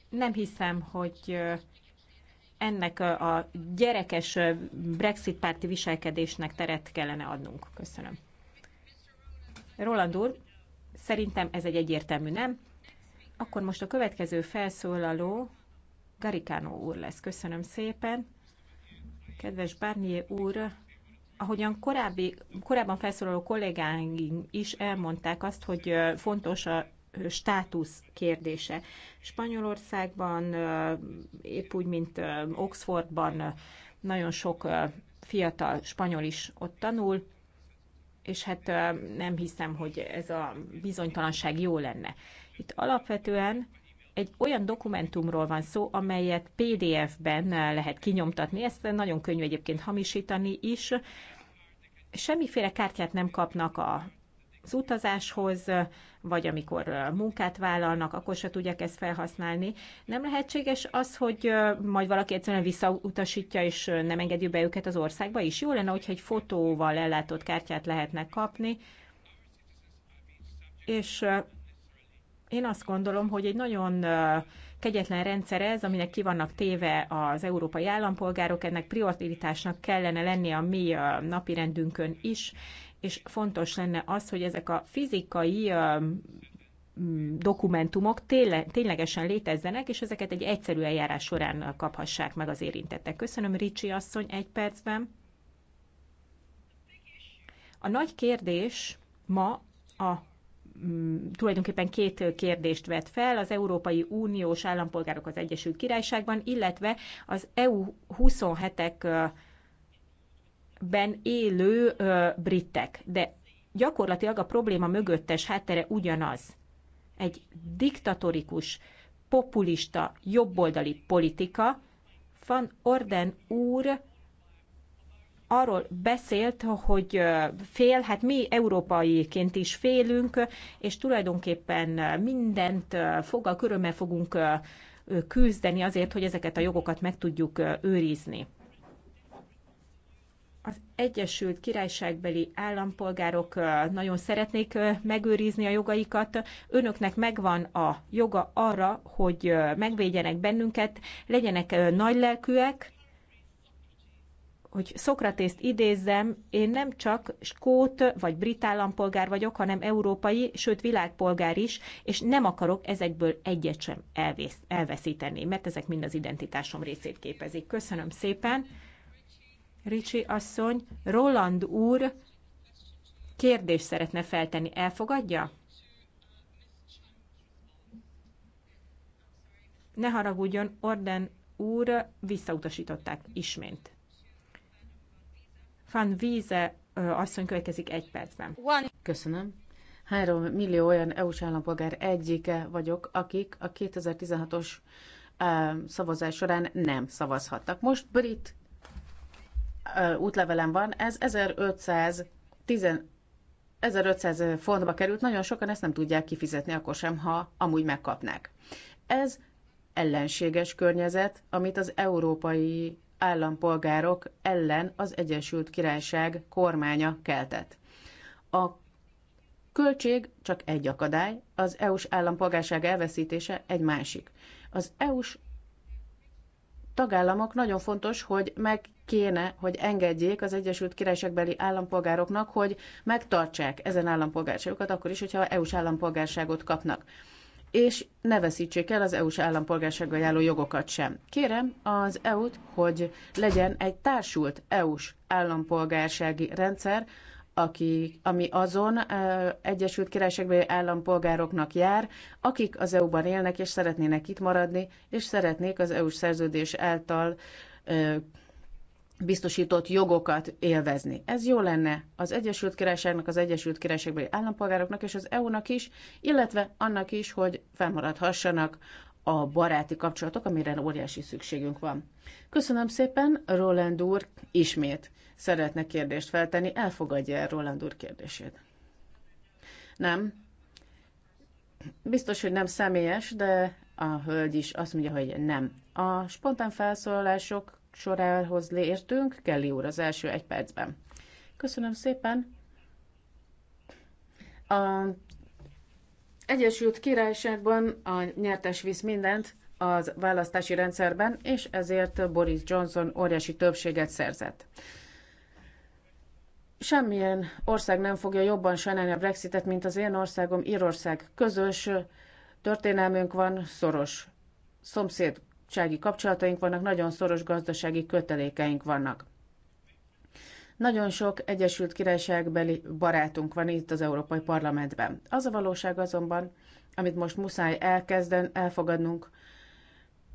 Nem hiszem, hogy ennek a gyerekes Brexit párti viselkedésnek teret kellene adnunk. Köszönöm. Roland úr, szerintem ez egy egyértelmű nem. Akkor most a következő felszólaló Garikánó úr lesz. Köszönöm szépen. Kedves Barnier úr, ahogyan korábbi, korábban felszólaló kollégáim is elmondták azt, hogy fontos a státusz kérdése. Spanyolországban, épp úgy, mint Oxfordban nagyon sok fiatal spanyol is ott tanul, és hát nem hiszem, hogy ez a bizonytalanság jó lenne. Itt alapvetően egy olyan dokumentumról van szó, amelyet PDF-ben eh, lehet kinyomtatni, ezt nagyon könnyű egyébként hamisítani is. Semmiféle kártyát nem kapnak a az utazáshoz, vagy amikor eh, munkát vállalnak, akkor se tudják ezt felhasználni. Nem lehetséges az, hogy eh, majd valaki egyszerűen visszautasítja, és nem engedi be őket az országba is. Jó lenne, hogyha egy fotóval ellátott kártyát lehetne kapni, és én azt gondolom, hogy egy nagyon kegyetlen rendszer ez, aminek ki vannak téve az európai állampolgárok, ennek prioritásnak kellene lennie a mi napirendünkön is, és fontos lenne az, hogy ezek a fizikai dokumentumok téle, ténylegesen létezzenek, és ezeket egy egyszerű eljárás során kaphassák meg az érintettek. Köszönöm, Ricsi asszony, egy percben. A nagy kérdés ma a Mm, tulajdonképpen két kérdést vet fel, az Európai Uniós állampolgárok az Egyesült Királyságban, illetve az EU 27-ek ben élő ö, britek. De gyakorlatilag a probléma mögöttes háttere ugyanaz. Egy diktatorikus, populista, jobboldali politika. Van Orden úr arról beszélt, hogy fél, hát mi európaiként is félünk, és tulajdonképpen mindent foggal körömmel fogunk küzdeni azért, hogy ezeket a jogokat meg tudjuk őrizni. Az Egyesült Királyságbeli állampolgárok nagyon szeretnék megőrizni a jogaikat. Önöknek megvan a joga arra, hogy megvédjenek bennünket, legyenek nagylelkűek, hogy Szokratészt idézzem, én nem csak skót vagy brit állampolgár vagyok, hanem európai, sőt világpolgár is, és nem akarok ezekből egyet sem elvész, elveszíteni, mert ezek mind az identitásom részét képezik. Köszönöm szépen. Ricsi asszony, Roland úr kérdést szeretne feltenni. Elfogadja? Ne haragudjon, Orden úr, visszautasították ismét. Van Víze asszony következik egy percben. Köszönöm. Három millió olyan EU-s állampolgár egyike vagyok, akik a 2016-os szavazás során nem szavazhattak. Most brit útlevelem van, ez 1510 1500 fontba került, nagyon sokan ezt nem tudják kifizetni akkor sem, ha amúgy megkapnák. Ez ellenséges környezet, amit az európai állampolgárok ellen az Egyesült Királyság kormánya keltett. A költség csak egy akadály, az EU-s állampolgárság elveszítése egy másik. Az EU-s tagállamok nagyon fontos, hogy meg kéne, hogy engedjék az Egyesült Királyságbeli állampolgároknak, hogy megtartsák ezen állampolgárságokat, akkor is, hogyha EU-s állampolgárságot kapnak és ne veszítsék el az EU-s állampolgársággal járó jogokat sem. Kérem az EU-t, hogy legyen egy társult EU-s állampolgársági rendszer, aki, ami azon uh, Egyesült Királyságbeli állampolgároknak jár, akik az EU-ban élnek és szeretnének itt maradni, és szeretnék az EU-s szerződés által uh, biztosított jogokat élvezni. Ez jó lenne az Egyesült Királyságnak, az Egyesült Királyságbeli állampolgároknak és az EU-nak is, illetve annak is, hogy felmaradhassanak a baráti kapcsolatok, amire óriási szükségünk van. Köszönöm szépen, Roland úr ismét szeretne kérdést feltenni. Elfogadja el Roland úr kérdését? Nem. Biztos, hogy nem személyes, de a hölgy is azt mondja, hogy nem. A spontán felszólalások sorához lértünk, Kelly úr az első egy percben. Köszönöm szépen. A Egyesült Királyságban a nyertes visz mindent az választási rendszerben, és ezért Boris Johnson óriási többséget szerzett. Semmilyen ország nem fogja jobban sajnálni a Brexitet, mint az én országom, Írország. Közös történelmünk van, szoros szomszéd barátsági kapcsolataink vannak, nagyon szoros gazdasági kötelékeink vannak. Nagyon sok Egyesült Királyságbeli barátunk van itt az Európai Parlamentben. Az a valóság azonban, amit most muszáj elkezden elfogadnunk,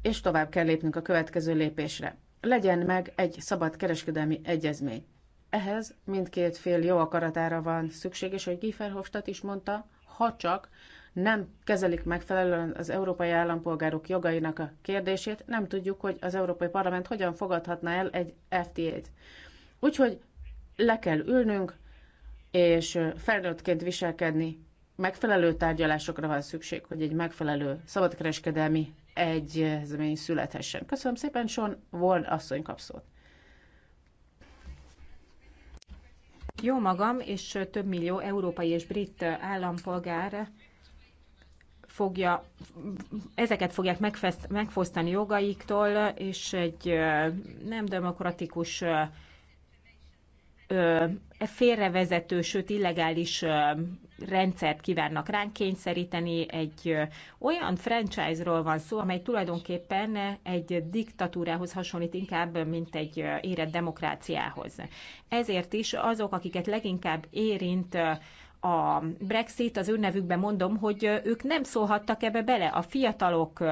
és tovább kell lépnünk a következő lépésre. Legyen meg egy szabad kereskedelmi egyezmény. Ehhez mindkét fél jó akaratára van szükség, és hogy Gieferhofstadt is mondta, ha csak nem kezelik megfelelően az európai állampolgárok jogainak a kérdését, nem tudjuk, hogy az Európai Parlament hogyan fogadhatná el egy FTA-t. Úgyhogy le kell ülnünk, és felnőttként viselkedni. Megfelelő tárgyalásokra van szükség, hogy egy megfelelő szabadkereskedelmi egyezmény születhessen. Köszönöm szépen, Son Ward asszony kapszót. Jó magam, és több millió európai és brit állampolgár fogja, ezeket fogják megfeszt, megfosztani jogaiktól, és egy nem demokratikus e félrevezető, sőt illegális rendszert kívánnak ránk kényszeríteni. Egy olyan franchise-ról van szó, amely tulajdonképpen egy diktatúrához hasonlít inkább, mint egy érett demokráciához. Ezért is azok, akiket leginkább érint a Brexit, az ő nevükben mondom, hogy ők nem szólhattak ebbe bele. A fiatalok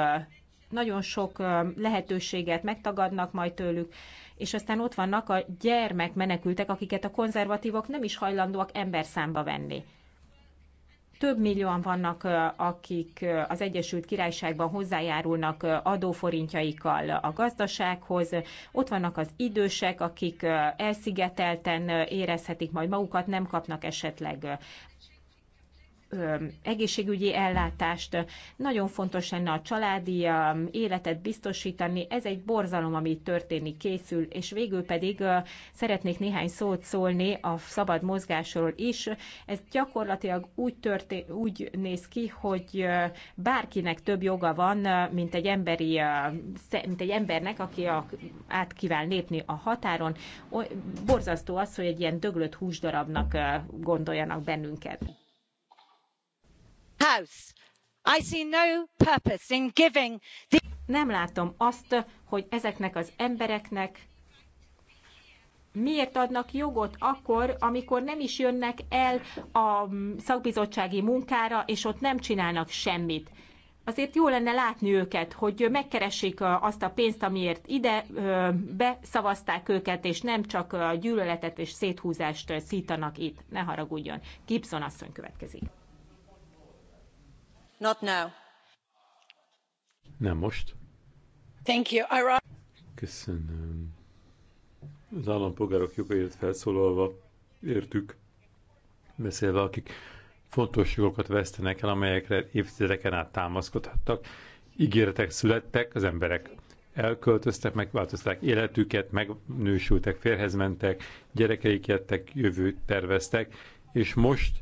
nagyon sok lehetőséget megtagadnak majd tőlük, és aztán ott vannak a gyermek menekültek, akiket a konzervatívok nem is hajlandóak emberszámba venni. Több millióan vannak, akik az Egyesült Királyságban hozzájárulnak adóforintjaikkal a gazdasághoz. Ott vannak az idősek, akik elszigetelten érezhetik majd magukat, nem kapnak esetleg egészségügyi ellátást, nagyon fontos lenne a családi életet biztosítani. Ez egy borzalom, ami történik, készül, és végül pedig szeretnék néhány szót szólni a szabad mozgásról is. Ez gyakorlatilag úgy, történ- úgy néz ki, hogy bárkinek több joga van, mint egy, emberi, mint egy embernek, aki át kíván lépni a határon. Borzasztó az, hogy egy ilyen döglött húsdarabnak gondoljanak bennünket house i see no purpose in giving the. nem látom azt hogy ezeknek az embereknek miért adnak jogot akkor, amikor nem is jönnek el a szakbizottsági munkára, és ott nem csinálnak semmit. Azért jó lenne látni őket, hogy megkeressék azt a pénzt, amiért ide beszavazták őket, és nem csak gyűlöletet és széthúzást szítanak itt. Ne haragudjon. Gibson asszony következik. Nem most. Thank you. Köszönöm. Az állampolgárok jogaiért felszólalva értük, beszélve, akik fontos jogokat vesztenek el, amelyekre évtizedeken át támaszkodhattak. Ígéretek születtek, az emberek elköltöztek, megváltozták életüket, megnősültek, férhez mentek, gyerekeik jöttek, jövőt terveztek, és most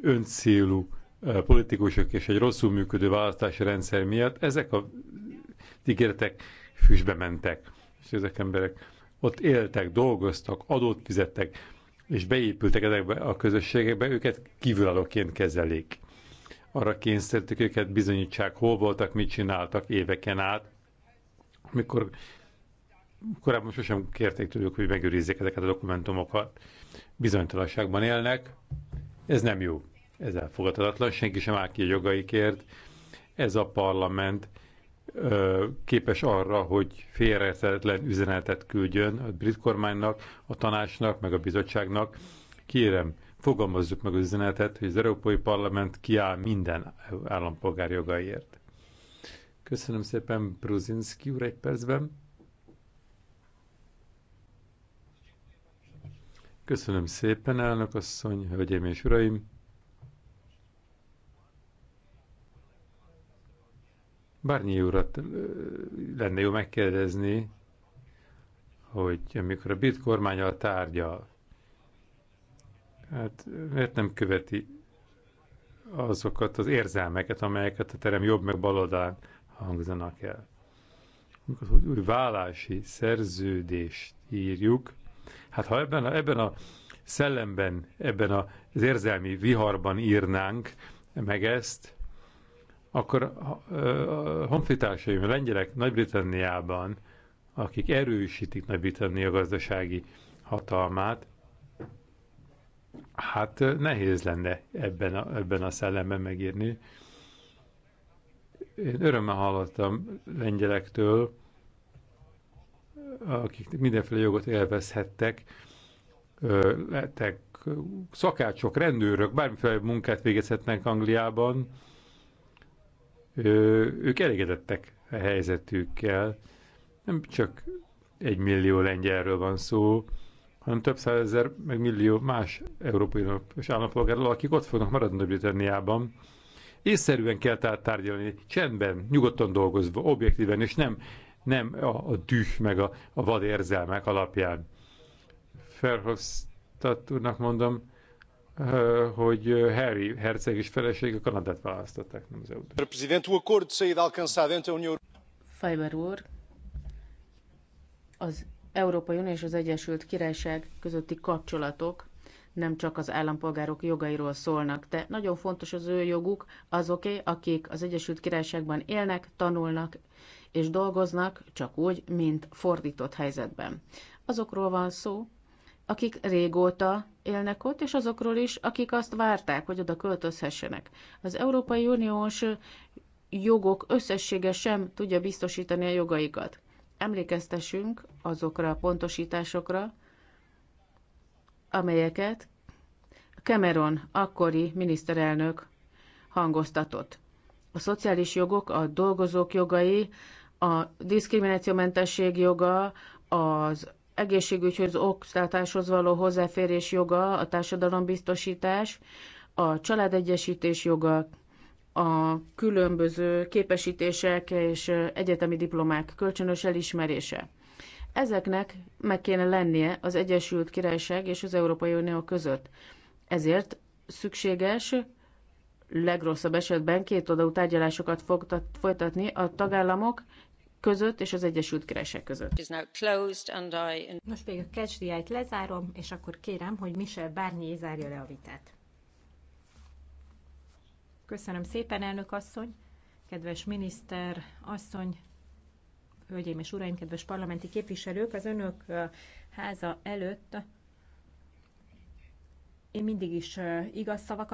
öncélú politikusok és egy rosszul működő választási rendszer miatt ezek a ígéretek füstbe mentek. És ezek emberek ott éltek, dolgoztak, adót fizettek, és beépültek ezekbe a közösségekbe, őket kívülállóként kezelik. Arra kényszerítik őket, bizonyítsák, hol voltak, mit csináltak éveken át, amikor korábban sosem kérték tőlük, hogy megőrizzék ezeket a dokumentumokat. Bizonytalanságban élnek, ez nem jó. Ez elfogadhatatlan, senki sem áll ki a jogaikért. Ez a parlament ö, képes arra, hogy félreérthetetlen üzenetet küldjön a brit kormánynak, a tanácsnak, meg a bizottságnak. Kérem, fogalmazzuk meg az üzenetet, hogy az Európai Parlament kiáll minden állampolgár jogaiért. Köszönöm szépen Bruzinski úr egy percben. Köszönöm szépen, elnök asszony, hölgyeim és uraim! Bárnyi urat lenne jó megkérdezni, hogy amikor a brit a tárgyal, hát miért nem követi azokat az érzelmeket, amelyeket a terem jobb meg baloldán hangzanak el. Amikor hogy új vállási szerződést írjuk, hát ha ebben a, ebben a szellemben, ebben az érzelmi viharban írnánk meg ezt, akkor honfitársaim, lengyelek Nagy-Britanniában, akik erősítik Nagy-Britannia gazdasági hatalmát, hát nehéz lenne ebben a, ebben a szellemben megírni. Én örömmel hallottam lengyelektől, akik mindenféle jogot élvezhettek, lettek szakácsok, rendőrök, bármiféle munkát végezhetnek Angliában, ők elégedettek a helyzetükkel. Nem csak egy millió lengyelről van szó, hanem több százezer, meg millió más európai és állampolgárról, akik ott fognak maradni Britanniában. Észszerűen kell tehát tárgyalni, csendben, nyugodtan dolgozva, objektíven, és nem, nem a, a düh, meg a, a vad érzelmek alapján. Ferhofstadt mondom, hogy Harry herceg és felesége Kanadát választották, nem az EU-t. Fiber úr, az Európai Unió és az Egyesült Királyság közötti kapcsolatok nem csak az állampolgárok jogairól szólnak, de nagyon fontos az ő joguk azoké, akik az Egyesült Királyságban élnek, tanulnak és dolgoznak, csak úgy, mint fordított helyzetben. Azokról van szó, akik régóta élnek ott, és azokról is, akik azt várták, hogy oda költözhessenek. Az Európai Uniós jogok összessége sem tudja biztosítani a jogaikat. Emlékeztessünk azokra a pontosításokra, amelyeket Cameron akkori miniszterelnök hangoztatott. A szociális jogok, a dolgozók jogai, a diszkriminációmentesség joga, az egészségügyhöz, oktatáshoz való hozzáférés joga, a társadalombiztosítás, a családegyesítés joga, a különböző képesítések és egyetemi diplomák kölcsönös elismerése. Ezeknek meg kéne lennie az Egyesült Királyság és az Európai Unió között. Ezért szükséges legrosszabb esetben két oldalú tárgyalásokat folytatni a tagállamok között és az Egyesült Királyság között. Most még a catch lezárom, és akkor kérem, hogy Michel Barnier zárja le a vitát. Köszönöm szépen, elnök asszony, kedves miniszter asszony, hölgyeim és uraim, kedves parlamenti képviselők, az önök háza előtt én mindig is igaz szavakat